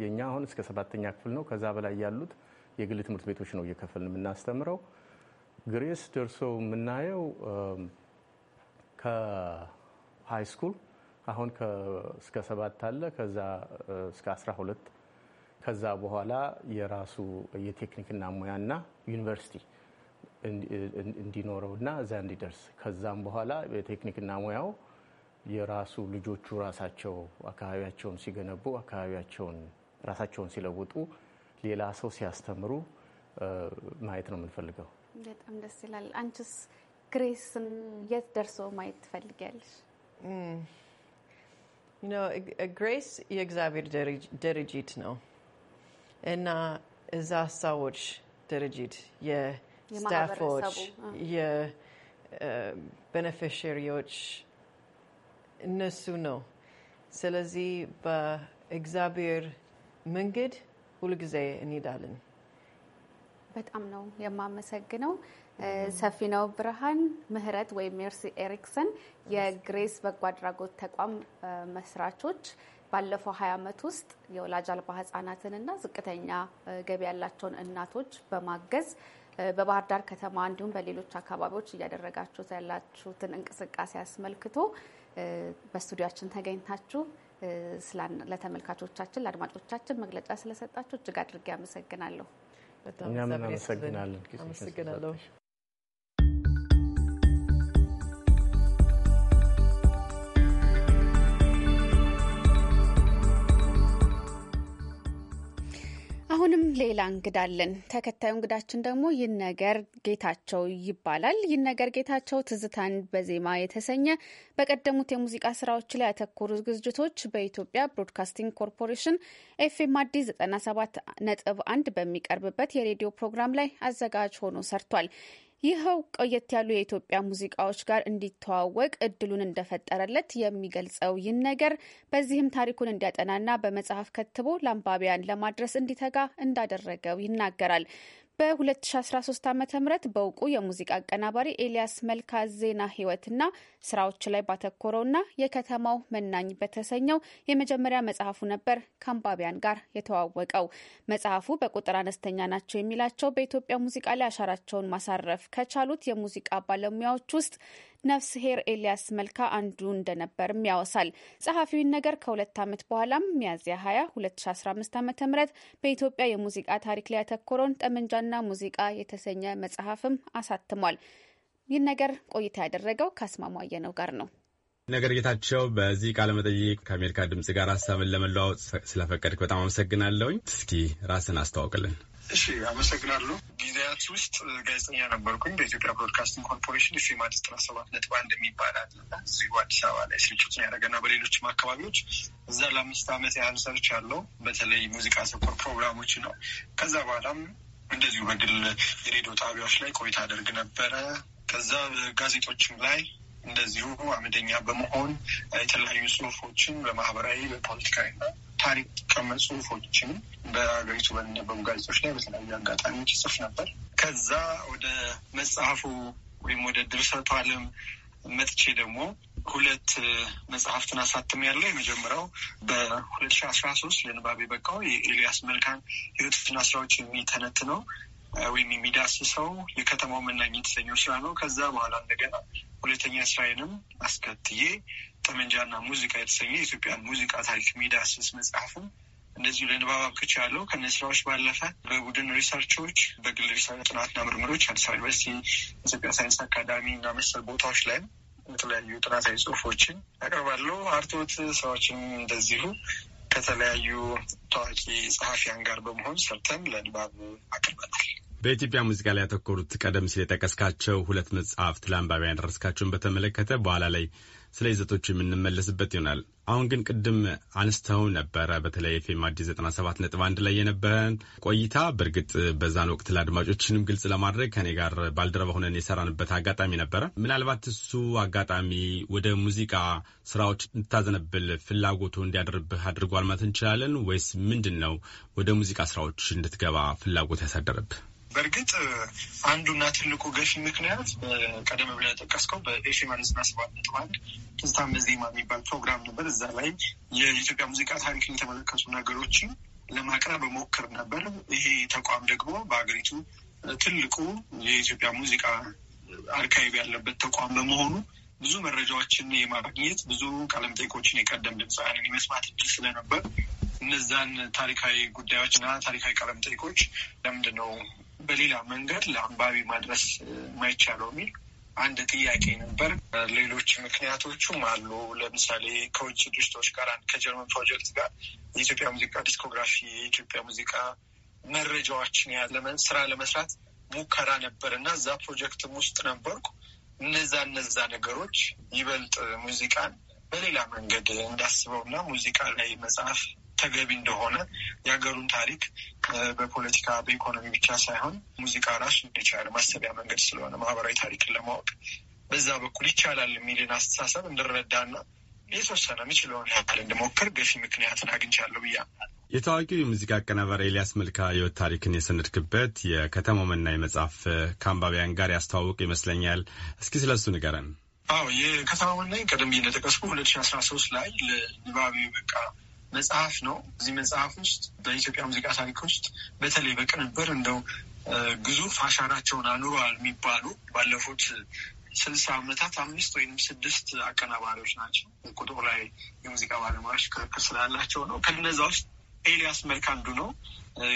የኛ አሁን እስከ ሰባተኛ ክፍል ነው። ከዛ በላይ ያሉት የግል ትምህርት ቤቶች ነው እየከፈልን የምናስተምረው። ግሬስ ደርሶ የምናየው ከሃይ ስኩል አሁን እስከ ሰባት አለ ከዛ እስከ 12 ከዛ በኋላ የራሱ የቴክኒክና ሙያና ዩኒቨርሲቲ እንዲኖረውና እዛ እንዲደርስ ከዛም በኋላ የቴክኒክና ሙያው የራሱ ልጆቹ ራሳቸው አካባቢያቸውን ሲገነቡ አካባቢያቸውን ራሳቸውን ሲለውጡ ሌላ ሰው ሲያስተምሩ ማየት ነው የምንፈልገው። በጣም ደስ ይላል። አንቺስ ግሬስን የት ደርሶ ማየት ትፈልጊያለሽ? ግሬስ የእግዚአብሔር ድርጅት ነው እና እዛ ሰዎች ድርጅት የስታፎች፣ የቤኔፊሽሪዎች እነሱ ነው። ስለዚህ በእግዚአብሔር መንገድ ሁልጊዜ እንሄዳለን። በጣም ነው የማመሰግነው። ሰፊ ነው ብርሃን ምህረት ወይም ሜርሲ ኤሪክሰን የግሬስ በጎ አድራጎት ተቋም መስራቾች ባለፈው ሀያ ዓመት ውስጥ የወላጅ አልባ ህጻናትንና ዝቅተኛ ገቢ ያላቸውን እናቶች በማገዝ በባህር ዳር ከተማ እንዲሁም በሌሎች አካባቢዎች እያደረጋችሁት ያላችሁትን እንቅስቃሴ አስመልክቶ በስቱዲያችን ተገኝታችሁ ለተመልካቾቻችን ለአድማጮቻችን መግለጫ ስለሰጣችሁ እጅግ አድርጌ አመሰግናለሁ። እኛም እናመሰግናለን። አሁንም ሌላ እንግዳለን። ተከታዩ እንግዳችን ደግሞ ይነገር ጌታቸው ይባላል። ይነገር ጌታቸው ትዝታን በዜማ የተሰኘ በቀደሙት የሙዚቃ ስራዎች ላይ ያተኮሩ ዝግጅቶች በኢትዮጵያ ብሮድካስቲንግ ኮርፖሬሽን ኤፍኤም አዲስ 97 ነጥብ አንድ በሚቀርብበት የሬዲዮ ፕሮግራም ላይ አዘጋጅ ሆኖ ሰርቷል። ይኸው ቆየት ያሉ የኢትዮጵያ ሙዚቃዎች ጋር እንዲተዋወቅ እድሉን እንደፈጠረለት የሚገልጸው ይህን ነገር በዚህም ታሪኩን እንዲያጠናና በመጽሐፍ ከትቦ ለአንባቢያን ለማድረስ እንዲተጋ እንዳደረገው ይናገራል። በ2013 ዓ ም በእውቁ የሙዚቃ አቀናባሪ ኤልያስ መልካ ዜና ህይወትና ስራዎች ላይ ባተኮረውና የከተማው መናኝ በተሰኘው የመጀመሪያ መጽሐፉ ነበር ከአንባቢያን ጋር የተዋወቀው። መጽሐፉ በቁጥር አነስተኛ ናቸው የሚላቸው በኢትዮጵያ ሙዚቃ ላይ አሻራቸውን ማሳረፍ ከቻሉት የሙዚቃ ባለሙያዎች ውስጥ ነፍስ ሄር ኤልያስ መልካ አንዱ እንደነበርም ያወሳል። ጸሐፊውን ነገር ከሁለት ዓመት በኋላም ሚያዝያ 20 2015 ዓ ም በኢትዮጵያ የሙዚቃ ታሪክ ላይ ያተኮረውን ጠመንጃና ሙዚቃ የተሰኘ መጽሐፍም አሳትሟል። ይህን ነገር ቆይታ ያደረገው ከአስማማየ ነው ጋር ነው። ነገር ጌታቸው፣ በዚህ ቃለ መጠይቅ ከአሜሪካ ድምጽ ጋር ሀሳብን ለመለዋወጥ ስለፈቀድክ በጣም አመሰግናለሁኝ። እስኪ ራስን አስተዋውቅልን። እሺ አመሰግናለሁ። ጊዜያት ውስጥ ጋዜጠኛ ነበርኩኝ በኢትዮጵያ ብሮድካስቲንግ ኮርፖሬሽን ኤፍ ኤም አዲስ ጥራት ሰባት ነጥብ አንድ የሚባል አለ እዚሁ አዲስ አበባ ላይ ስርጭቱን ያደረገና በሌሎችም አካባቢዎች እዛ ለአምስት ዓመት ያህል ያለው በተለይ ሙዚቃ ሰኮር ፕሮግራሞች ነው። ከዛ በኋላም እንደዚሁ በግል የሬዲዮ ጣቢያዎች ላይ ቆይታ አደርግ ነበረ። ከዛ ጋዜጦችም ላይ እንደዚሁ አመደኛ በመሆን የተለያዩ ጽሁፎችን በማህበራዊ በፖለቲካዊና ታሪክ ቀመጥ ጽሁፎችን በሀገሪቱ በሚነበቡ ጋዜጦች ላይ በተለያዩ አጋጣሚዎች ይጽፍ ነበር። ከዛ ወደ መጽሐፉ ወይም ወደ ድርሰቱ ዓለም መጥቼ ደግሞ ሁለት መጽሐፍትን አሳትም ያለው የመጀመሪያው በሁለት ሺ አስራ ሶስት ለንባብ የበቃው የኤልያስ መልካን ህይወትና ስራዎች የሚተነትነው ወይም የሚዳስሰው የከተማው መናኝ የተሰኘው ስራ ነው። ከዛ በኋላ እንደገና ሁለተኛ ስራዬንም አስከትዬ ጠመንጃና ሙዚቃ የተሰኘ የኢትዮጵያን ሙዚቃ ታሪክ የሚዳስስ መጽሐፍም እንደዚሁ ለንባብ አብቅቻለሁ። ከእነዚህ ስራዎች ባለፈ በቡድን ሪሰርቾች፣ በግል ሪሰርች ጥናትና ምርምሮች አዲስ አበባ ዩኒቨርሲቲ፣ ኢትዮጵያ ሳይንስ አካዳሚ እና መሰል ቦታዎች ላይም የተለያዩ ጥናታዊ ጽሁፎችን ያቀርባለሁ። አርቶት ስራዎችን እንደዚሁ ከተለያዩ ታዋቂ ጸሐፊያን ጋር በመሆን ሰርተን ለንባብ አቅርበናል። በኢትዮጵያ ሙዚቃ ላይ ያተኮሩት ቀደም ሲል የጠቀስካቸው ሁለት መጽሐፍት ለአንባቢያን ያደረስካቸውን በተመለከተ በኋላ ላይ ስለ ይዘቶቹ የምንመለስበት ይሆናል። አሁን ግን ቅድም አንስተው ነበረ። በተለይ ኤፍኤም አዲስ ዘጠና ሰባት ነጥብ አንድ ላይ የነበረን ቆይታ በእርግጥ በዛን ወቅት ለአድማጮችንም ግልጽ ለማድረግ ከኔ ጋር ባልደረባ ሆነን የሰራንበት አጋጣሚ ነበረ። ምናልባት እሱ አጋጣሚ ወደ ሙዚቃ ስራዎች እንድታዘነብል ፍላጎቱ እንዲያደርብህ አድርጓል ማለት እንችላለን ወይስ ምንድን ነው ወደ ሙዚቃ ስራዎች እንድትገባ ፍላጎት ያሳደረብህ? በእርግጥ አንዱና ትልቁ ገፊ ምክንያት ቀደም ብለህ ጠቀስከው በኤሽያ ዘጠና ሰባት ነጥብ አንድ ትዝታ መዜማ የሚባል ፕሮግራም ነበር። እዛ ላይ የኢትዮጵያ ሙዚቃ ታሪክን የተመለከቱ ነገሮችን ለማቅረብ ሞክር ነበር። ይሄ ተቋም ደግሞ በሀገሪቱ ትልቁ የኢትዮጵያ ሙዚቃ አርካይቭ ያለበት ተቋም በመሆኑ ብዙ መረጃዎችን የማግኘት ብዙ ቃለመጠይቆችን የቀደም ድምፃውያንን የመስማት እድል ስለነበር እነዛን ታሪካዊ ጉዳዮችና ታሪካዊ ቃለመጠይቆች ለምንድን ነው በሌላ መንገድ ለአንባቢ ማድረስ የማይቻለው የሚል አንድ ጥያቄ ነበር። ሌሎች ምክንያቶቹም አሉ። ለምሳሌ ከውጭ ድርጅቶች ጋር ከጀርመን ፕሮጀክት ጋር የኢትዮጵያ ሙዚቃ ዲስኮግራፊ የኢትዮጵያ ሙዚቃ መረጃዎችን ስራ ለመስራት ሙከራ ነበር እና እዛ ፕሮጀክትም ውስጥ ነበርኩ። እነዛ እነዛ ነገሮች ይበልጥ ሙዚቃን በሌላ መንገድ እንዳስበውና ሙዚቃ ላይ መጽሐፍ ተገቢ እንደሆነ የሀገሩን ታሪክ በፖለቲካ በኢኮኖሚ ብቻ ሳይሆን ሙዚቃ ራሱ እንደቻለ ማሰቢያ መንገድ ስለሆነ ማህበራዊ ታሪክን ለማወቅ በዛ በኩል ይቻላል የሚልን አስተሳሰብ እንድረዳና የተወሰነ የሚችለውን ያህል እንድሞክር ገፊ ምክንያትን አግኝቻለሁ ብያ የታዋቂው የሙዚቃ አቀናባሪ ኤልያስ መልካ ህይወት ታሪክን የሰነድክበት የከተማ መና መጽሐፍ ከአንባቢያን ጋር ያስተዋውቅ ይመስለኛል። እስኪ ስለ እሱ ንገረን። አዎ የከተማው መናኝ ቀደም ብዬ እንደጠቀስኩ ሁለት ሺ አስራ ሶስት ላይ ለንባብ በቃ መጽሐፍ ነው። እዚህ መጽሐፍ ውስጥ በኢትዮጵያ ሙዚቃ ታሪክ ውስጥ በተለይ በቅንብር እንደው ግዙፍ አሻራቸውን አኑረዋል የሚባሉ ባለፉት ስልሳ ዓመታት አምስት ወይም ስድስት አቀናባሪዎች ናቸው። ቁጥሩ ላይ የሙዚቃ ባለሙያዎች ክርክር ስላላቸው ነው። ከነዛ ውስጥ ኤልያስ መልክ አንዱ ነው።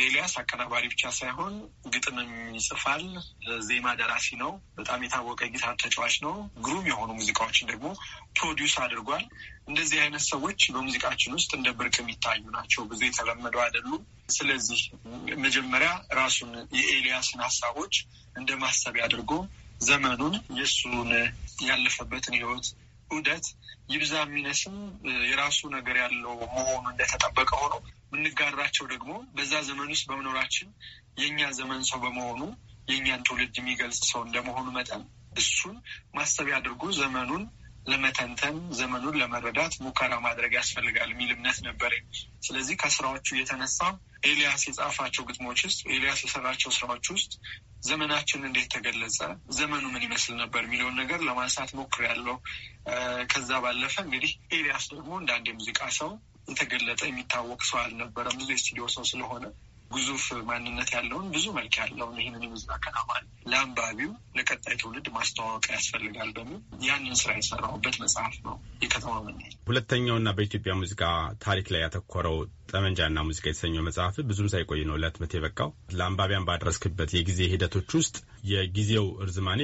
ኤልያስ አቀናባሪ ብቻ ሳይሆን ግጥምም ይጽፋል። ዜማ ደራሲ ነው። በጣም የታወቀ ጊታር ተጫዋች ነው። ግሩም የሆኑ ሙዚቃዎችን ደግሞ ፕሮዲውስ አድርጓል። እንደዚህ አይነት ሰዎች በሙዚቃችን ውስጥ እንደ ብርቅ የሚታዩ ናቸው። ብዙ የተለመዱ አይደሉም። ስለዚህ መጀመሪያ ራሱን የኤልያስን ሀሳቦች እንደ ማሰብ አድርጎ ዘመኑን የእሱን ያለፈበትን ህይወት ውደት ይብዛ የሚነስም የራሱ ነገር ያለው መሆኑ እንደተጠበቀ ሆኖ የምንጋራቸው ደግሞ በዛ ዘመን ውስጥ በመኖራችን የእኛ ዘመን ሰው በመሆኑ የእኛን ትውልድ የሚገልጽ ሰው እንደመሆኑ መጠን እሱን ማሰብ አድርጎ ዘመኑን ለመተንተን ዘመኑን ለመረዳት ሙከራ ማድረግ ያስፈልጋል የሚል እምነት ነበረኝ። ስለዚህ ከስራዎቹ የተነሳ ኤልያስ የጻፋቸው ግጥሞች ውስጥ ኤልያስ የሰራቸው ስራዎች ውስጥ ዘመናችን እንዴት ተገለጸ፣ ዘመኑ ምን ይመስል ነበር የሚለውን ነገር ለማንሳት ያለው ከዛ ባለፈ እንግዲህ ኤልያስ ደግሞ እንደ አንድ የሙዚቃ ሰው የተገለጠ የሚታወቅ ሰው አልነበረም። ብዙ የስቱዲዮ ሰው ስለሆነ ግዙፍ ማንነት ያለውን ብዙ መልክ ያለውን ይህንን የሙዚቃ አቀናባሪ ለአንባቢው ለቀጣይ ትውልድ ማስተዋወቅ ያስፈልጋል በሚል ያንን ስራ የሰራሁበት መጽሐፍ ነው የከተማ መ ሁለተኛውና በኢትዮጵያ ሙዚቃ ታሪክ ላይ ያተኮረው ጠመንጃና ሙዚቃ የተሰኘው መጽሐፍ ብዙም ሳይቆይ ነው ለህትመት የበቃው። ለአንባቢያን ባደረስክበት የጊዜ ሂደቶች ውስጥ የጊዜው እርዝማኔ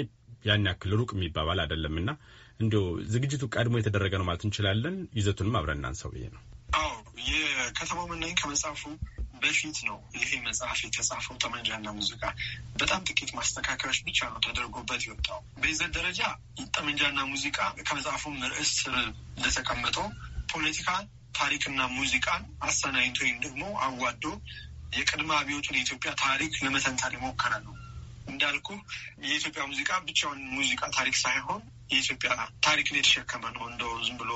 ያን ያክል ሩቅ የሚባባል አይደለምና እንዲሁ ዝግጅቱ ቀድሞ የተደረገ ነው ማለት እንችላለን። ይዘቱንም አብረናን ሰው ብዬ ነው። አዎ የከተማው መናኝ ከመጽሐፉ በፊት ነው ይህ መጽሐፍ የተጻፈው። ጠመንጃና ሙዚቃ በጣም ጥቂት ማስተካከያዎች ብቻ ነው ተደርጎበት የወጣው። በይዘት ደረጃ ጠመንጃና ሙዚቃ ከመጽሐፉም ርዕስ ስር እንደተቀመጠው ታሪክና ሙዚቃን አሰናኝቶ ወይም ደግሞ አዋዶ የቅድመ አብዮቱን የኢትዮጵያ ታሪክ ለመተንታን የሞከረ ነው። እንዳልኩ የኢትዮጵያ ሙዚቃ ብቻውን ሙዚቃ ታሪክ ሳይሆን የኢትዮጵያ ታሪክን የተሸከመ ነው። እንደ ዝም ብሎ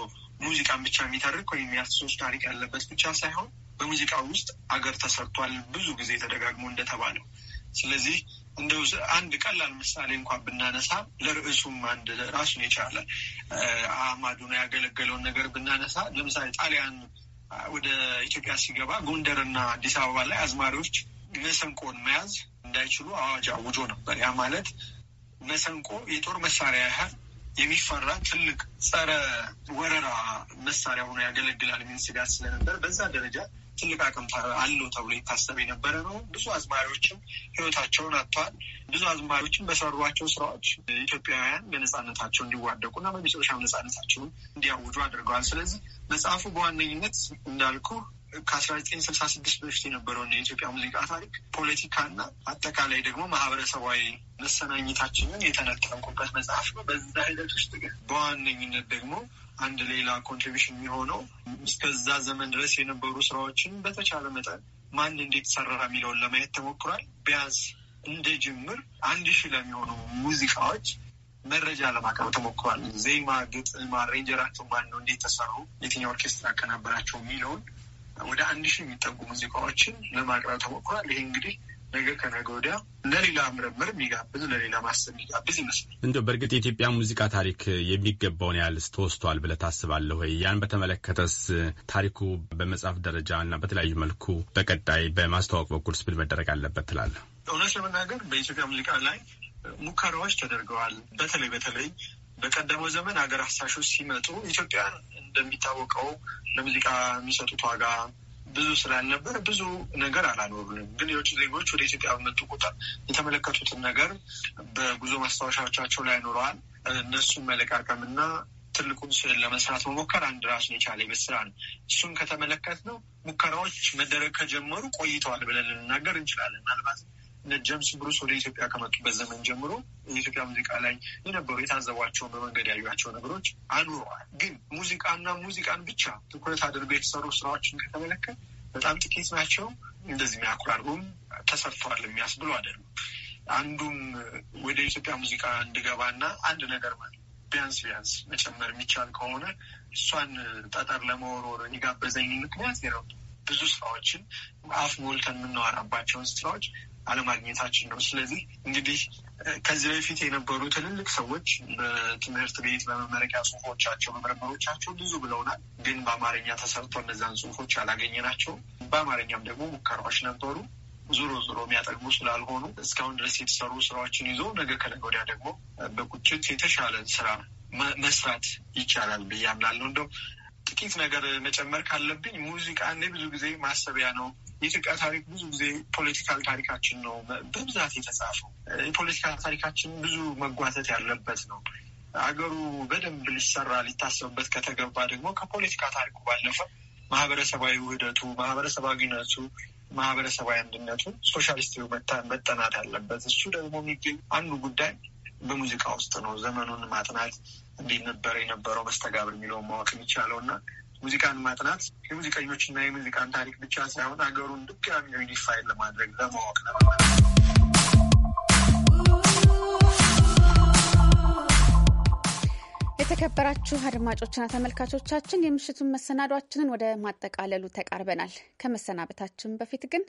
ሙዚቃን ብቻ የሚተርክ ወይም የአርቲስቶች ታሪክ ያለበት ብቻ ሳይሆን በሙዚቃ ውስጥ አገር ተሰርቷል ብዙ ጊዜ ተደጋግሞ እንደተባለው። ስለዚህ እንደ አንድ ቀላል ምሳሌ እንኳን ብናነሳ ለርዕሱም አንድ ራሱን የቻለ አማዱን ያገለገለውን ነገር ብናነሳ ለምሳሌ ጣሊያን ወደ ኢትዮጵያ ሲገባ ጎንደርና አዲስ አበባ ላይ አዝማሪዎች መሰንቆን መያዝ እንዳይችሉ አዋጅ አውጆ ነበር። ያ ማለት መሰንቆ የጦር መሳሪያ ያህል የሚፈራ ትልቅ ጸረ ወረራ መሳሪያ ሆኖ ያገለግላል የሚል ስጋት ስለነበር በዛ ደረጃ ትልቅ አቅም አለው ተብሎ ይታሰብ የነበረ ነው። ብዙ አዝማሪዎችም ህይወታቸውን አጥተዋል። ብዙ አዝማሪዎችም በሰሯቸው ስራዎች ኢትዮጵያውያን እንዲዋደቁ እንዲዋደቁና በመጨረሻ ነፃነታቸውን እንዲያውጁ አድርገዋል። ስለዚህ መጽሐፉ በዋነኝነት እንዳልኩ ከአስራ ዘጠኝ ስልሳ ስድስት በፊት የነበረውን የኢትዮጵያ ሙዚቃ ታሪክ ፖለቲካና አጠቃላይ ደግሞ ማህበረሰባዊ መሰናኝታችንን የተነጠንኩበት መጽሐፍ ነው። በዛ ሂደት ውስጥ ግን በዋነኝነት ደግሞ አንድ ሌላ ኮንትሪቢሽን የሚሆነው እስከዛ ዘመን ድረስ የነበሩ ስራዎችን በተቻለ መጠን ማን እንዴት ሰራ የሚለውን ለማየት ተሞክሯል። ቢያንስ እንደ ጅምር አንድ ሺህ ለሚሆኑ ሙዚቃዎች መረጃ ለማቅረብ ተሞክሯል። ዜማ፣ ግጥም፣ አሬንጀራቸው ማን ነው፣ እንዴት ተሰሩ፣ የትኛው ኦርኬስትራ አቀናበራቸው የሚለውን ወደ አንድ ሺህ የሚጠጉ ሙዚቃዎችን ለማቅረብ ተሞክሯል። ይሄ እንግዲህ ነገ ከነገ ወዲያ ለሌላ ምርምር የሚጋብዝ ለሌላ ማሰብ የሚጋብዝ ይመስላል። እንደው በእርግጥ የኢትዮጵያ ሙዚቃ ታሪክ የሚገባውን ያህል ተወስቷል ብለህ ታስባለህ ወይ? ያን በተመለከተስ ታሪኩ በመጽሐፍ ደረጃ እና በተለያዩ መልኩ በቀጣይ በማስተዋወቅ በኩል ስብል መደረግ አለበት ትላለህ? እውነት ለመናገር በኢትዮጵያ ሙዚቃ ላይ ሙከራዎች ተደርገዋል። በተለይ በተለይ በቀደመው ዘመን ሀገር አሳሾች ሲመጡ ኢትዮጵያ እንደሚታወቀው ለሙዚቃ የሚሰጡት ዋጋ ብዙ ስላልነበር ብዙ ነገር አላኖሩንም። ግን የውጭ ዜጎች ወደ ኢትዮጵያ በመጡ ቁጥር የተመለከቱትን ነገር በጉዞ ማስታወሻዎቻቸው ላይ ኖረዋል። እነሱን መለቃቀምና ትልቁን ስዕል ለመስራት መሞከር አንድ ራሱን የቻለ የቤት ስራ ነው። እሱን ከተመለከት ነው ሙከራዎች መደረግ ከጀመሩ ቆይተዋል ብለን ልንናገር እንችላለን። ምናልባት እነ ጀምስ ብሩስ ወደ ኢትዮጵያ ከመጡበት ዘመን ጀምሮ የኢትዮጵያ ሙዚቃ ላይ የነበሩ የታዘቧቸውን በመንገድ ያዩቸው ነገሮች አኑረዋል። ግን ሙዚቃና ሙዚቃን ብቻ ትኩረት አድርገው የተሰሩ ስራዎችን ከተመለከት በጣም ጥቂት ናቸው። እንደዚህ የሚያኩር የሚያኮራርጉም ተሰርተዋል የሚያስብሉ አይደሉም። አንዱም ወደ ኢትዮጵያ ሙዚቃ እንድገባና አንድ ነገር ማለት ቢያንስ ቢያንስ መጨመር የሚቻል ከሆነ እሷን ጠጠር ለመወርወር የጋበዘኝ ምክንያት ነው። ብዙ ስራዎችን አፍ ሞልተን የምናወራባቸውን ስራዎች አለማግኘታችን ነው። ስለዚህ እንግዲህ ከዚህ በፊት የነበሩ ትልልቅ ሰዎች በትምህርት ቤት በመመረቂያ ጽሁፎቻቸው በምርምሮቻቸው ብዙ ብለውናል። ግን በአማርኛ ተሰርቶ እነዛን ጽሁፎች ናቸው። በአማርኛም ደግሞ ሙከራዎች ነበሩ ዞሮ ዞሮ የሚያጠግቡ ስላልሆኑ እስካሁን ድረስ የተሰሩ ስራዎችን ይዞ ነገ ከነገ ወዲያ ደግሞ በቁጭት የተሻለ ስራ መስራት ይቻላል ብዬ አምናለሁ። እንደው ጥቂት ነገር መጨመር ካለብኝ ሙዚቃ እኔ ብዙ ጊዜ ማሰቢያ ነው የኢትዮጵያ ታሪክ ብዙ ጊዜ ፖለቲካዊ ታሪካችን ነው በብዛት የተጻፈው። የፖለቲካ ታሪካችን ብዙ መጓተት ያለበት ነው። አገሩ በደንብ ሊሰራ ሊታሰብበት ከተገባ ደግሞ ከፖለቲካ ታሪኩ ባለፈ ማህበረሰባዊ ውህደቱ፣ ማህበረሰባዊነቱ፣ ማህበረሰባዊ አንድነቱ፣ ሶሻሊስት መጠናት አለበት። እሱ ደግሞ የሚገኝ አንዱ ጉዳይ በሙዚቃ ውስጥ ነው። ዘመኑን ማጥናት እንዴት ነበረ የነበረው መስተጋብር የሚለውን ማወቅ የሚቻለው እና ሙዚቃን ማጥናት የሙዚቀኞችና የሙዚቃን ታሪክ ብቻ ሳይሆን ሀገሩን ድጋሚ ዩኒፋይድ ለማድረግ ለማወቅ ነው። የተከበራችሁ አድማጮችና ተመልካቾቻችን የምሽቱን መሰናዷችንን ወደ ማጠቃለሉ ተቃርበናል። ከመሰናበታችን በፊት ግን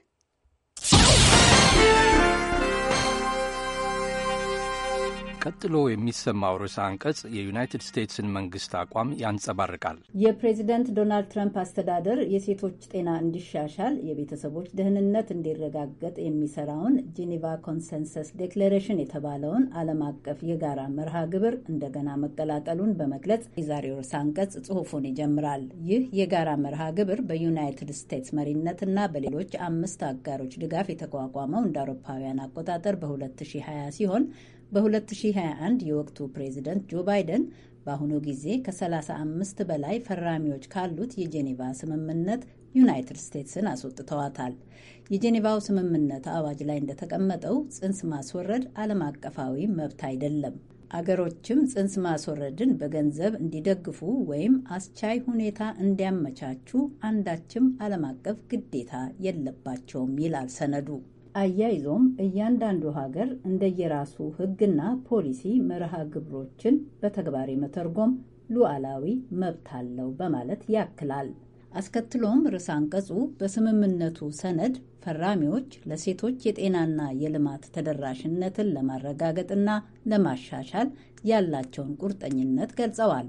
ቀጥሎ የሚሰማው ርዕሰ አንቀጽ የዩናይትድ ስቴትስን መንግስት አቋም ያንጸባርቃል። የፕሬዚደንት ዶናልድ ትራምፕ አስተዳደር የሴቶች ጤና እንዲሻሻል፣ የቤተሰቦች ደህንነት እንዲረጋገጥ የሚሰራውን ጄኔቫ ኮንሰንሰስ ዴክሌሬሽን የተባለውን ዓለም አቀፍ የጋራ መርሃ ግብር እንደገና መቀላቀሉን በመግለጽ የዛሬው ርዕሰ አንቀጽ ጽሑፉን ይጀምራል። ይህ የጋራ መርሃ ግብር በዩናይትድ ስቴትስ መሪነትና በሌሎች አምስት አጋሮች ድጋፍ የተቋቋመው እንደ አውሮፓውያን አቆጣጠር በ2020 ሲሆን በ2021 የወቅቱ ፕሬዚደንት ጆ ባይደን በአሁኑ ጊዜ ከ35 በላይ ፈራሚዎች ካሉት የጄኔቫ ስምምነት ዩናይትድ ስቴትስን አስወጥተዋታል። የጄኔቫው ስምምነት አዋጅ ላይ እንደተቀመጠው ጽንስ ማስወረድ ዓለም አቀፋዊ መብት አይደለም። አገሮችም ጽንስ ማስወረድን በገንዘብ እንዲደግፉ ወይም አስቻይ ሁኔታ እንዲያመቻቹ አንዳችም ዓለም አቀፍ ግዴታ የለባቸውም ይላል ሰነዱ። አያይዞም እያንዳንዱ ሀገር እንደየራሱ ሕግና ፖሊሲ መርሃ ግብሮችን በተግባር መተርጎም ሉዓላዊ መብት አለው በማለት ያክላል። አስከትሎም ርዕሰ አንቀጹ በስምምነቱ ሰነድ ፈራሚዎች ለሴቶች የጤናና የልማት ተደራሽነትን ለማረጋገጥና ለማሻሻል ያላቸውን ቁርጠኝነት ገልጸዋል።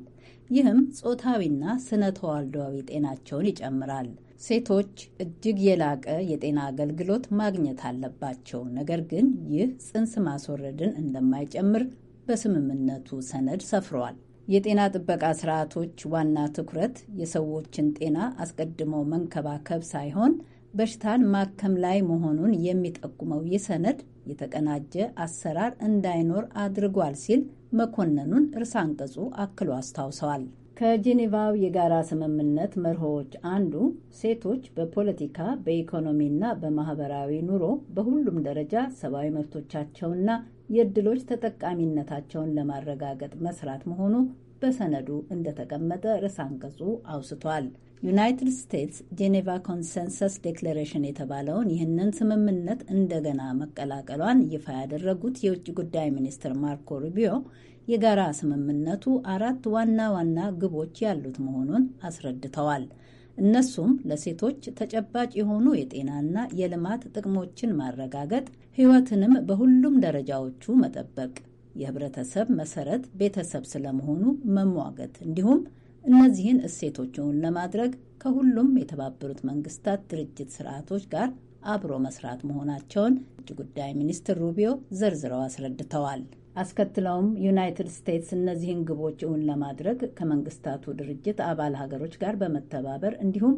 ይህም ጾታዊና ስነ ተዋልዷዊ ጤናቸውን ይጨምራል። ሴቶች እጅግ የላቀ የጤና አገልግሎት ማግኘት አለባቸው። ነገር ግን ይህ ጽንስ ማስወረድን እንደማይጨምር በስምምነቱ ሰነድ ሰፍሯል። የጤና ጥበቃ ስርዓቶች ዋና ትኩረት የሰዎችን ጤና አስቀድሞ መንከባከብ ሳይሆን በሽታን ማከም ላይ መሆኑን የሚጠቁመው ይህ ሰነድ የተቀናጀ አሰራር እንዳይኖር አድርጓል ሲል መኮንኑን እርሳን አንቀጹ አክሎ አስታውሰዋል። ከጄኔቫው የጋራ ስምምነት መርሆዎች አንዱ ሴቶች በፖለቲካ በኢኮኖሚና በማህበራዊ ኑሮ በሁሉም ደረጃ ሰብአዊ መብቶቻቸውና የእድሎች ተጠቃሚነታቸውን ለማረጋገጥ መስራት መሆኑ በሰነዱ እንደተቀመጠ ርዕሰ አንቀጹ አውስቷል። ዩናይትድ ስቴትስ ጄኔቫ ኮንሰንሰስ ዴክሌሬሽን የተባለውን ይህንን ስምምነት እንደገና መቀላቀሏን ይፋ ያደረጉት የውጭ ጉዳይ ሚኒስትር ማርኮ ሩቢዮ የጋራ ስምምነቱ አራት ዋና ዋና ግቦች ያሉት መሆኑን አስረድተዋል። እነሱም ለሴቶች ተጨባጭ የሆኑ የጤናና የልማት ጥቅሞችን ማረጋገጥ፣ ሕይወትንም በሁሉም ደረጃዎቹ መጠበቅ፣ የህብረተሰብ መሰረት ቤተሰብ ስለመሆኑ መሟገት እንዲሁም እነዚህን እሴቶች ለማድረግ ከሁሉም የተባበሩት መንግስታት ድርጅት ስርዓቶች ጋር አብሮ መስራት መሆናቸውን ውጭ ጉዳይ ሚኒስትር ሩቢዮ ዘርዝረው አስረድተዋል። አስከትለውም ዩናይትድ ስቴትስ እነዚህን ግቦች እውን ለማድረግ ከመንግስታቱ ድርጅት አባል ሀገሮች ጋር በመተባበር እንዲሁም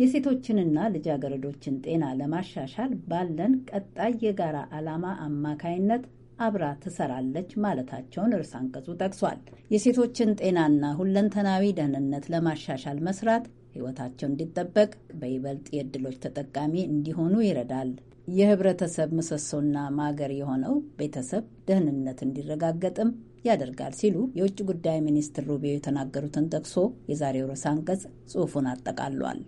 የሴቶችንና ልጃገረዶችን ጤና ለማሻሻል ባለን ቀጣይ የጋራ ዓላማ አማካይነት አብራ ትሰራለች ማለታቸውን ርዕሰ አንቀጹ ጠቅሷል። የሴቶችን ጤናና ሁለንተናዊ ደህንነት ለማሻሻል መስራት ሕይወታቸው እንዲጠበቅ በይበልጥ የእድሎች ተጠቃሚ እንዲሆኑ ይረዳል። የህብረተሰብ ምሰሶና ማገር የሆነው ቤተሰብ ደህንነት እንዲረጋገጥም ያደርጋል ሲሉ የውጭ ጉዳይ ሚኒስትር ሩቢዮ የተናገሩትን ጠቅሶ የዛሬው ርዕሰ አንቀጽ ጽሑፉን አጠቃሏል።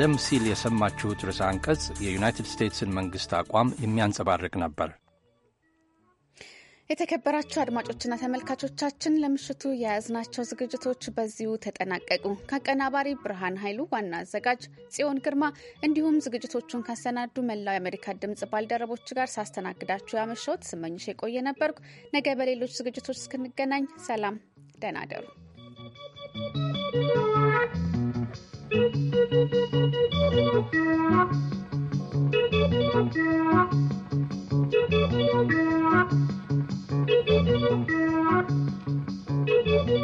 ቀደም ሲል የሰማችሁት ርዕሰ አንቀጽ የዩናይትድ ስቴትስን መንግሥት አቋም የሚያንጸባርቅ ነበር። የተከበራችሁ አድማጮችና ተመልካቾቻችን ለምሽቱ የያዝናቸው ዝግጅቶች በዚሁ ተጠናቀቁ። ከአቀናባሪ ብርሃን ኃይሉ፣ ዋና አዘጋጅ ጽዮን ግርማ እንዲሁም ዝግጅቶቹን ካሰናዱ መላው የአሜሪካ ድምጽ ባልደረቦች ጋር ሳስተናግዳችሁ ያመሸሁት ስመኝሽ የቆየ ነበርኩ። ነገ በሌሎች ዝግጅቶች እስክንገናኝ ሰላም፣ ደህና you. Thank you.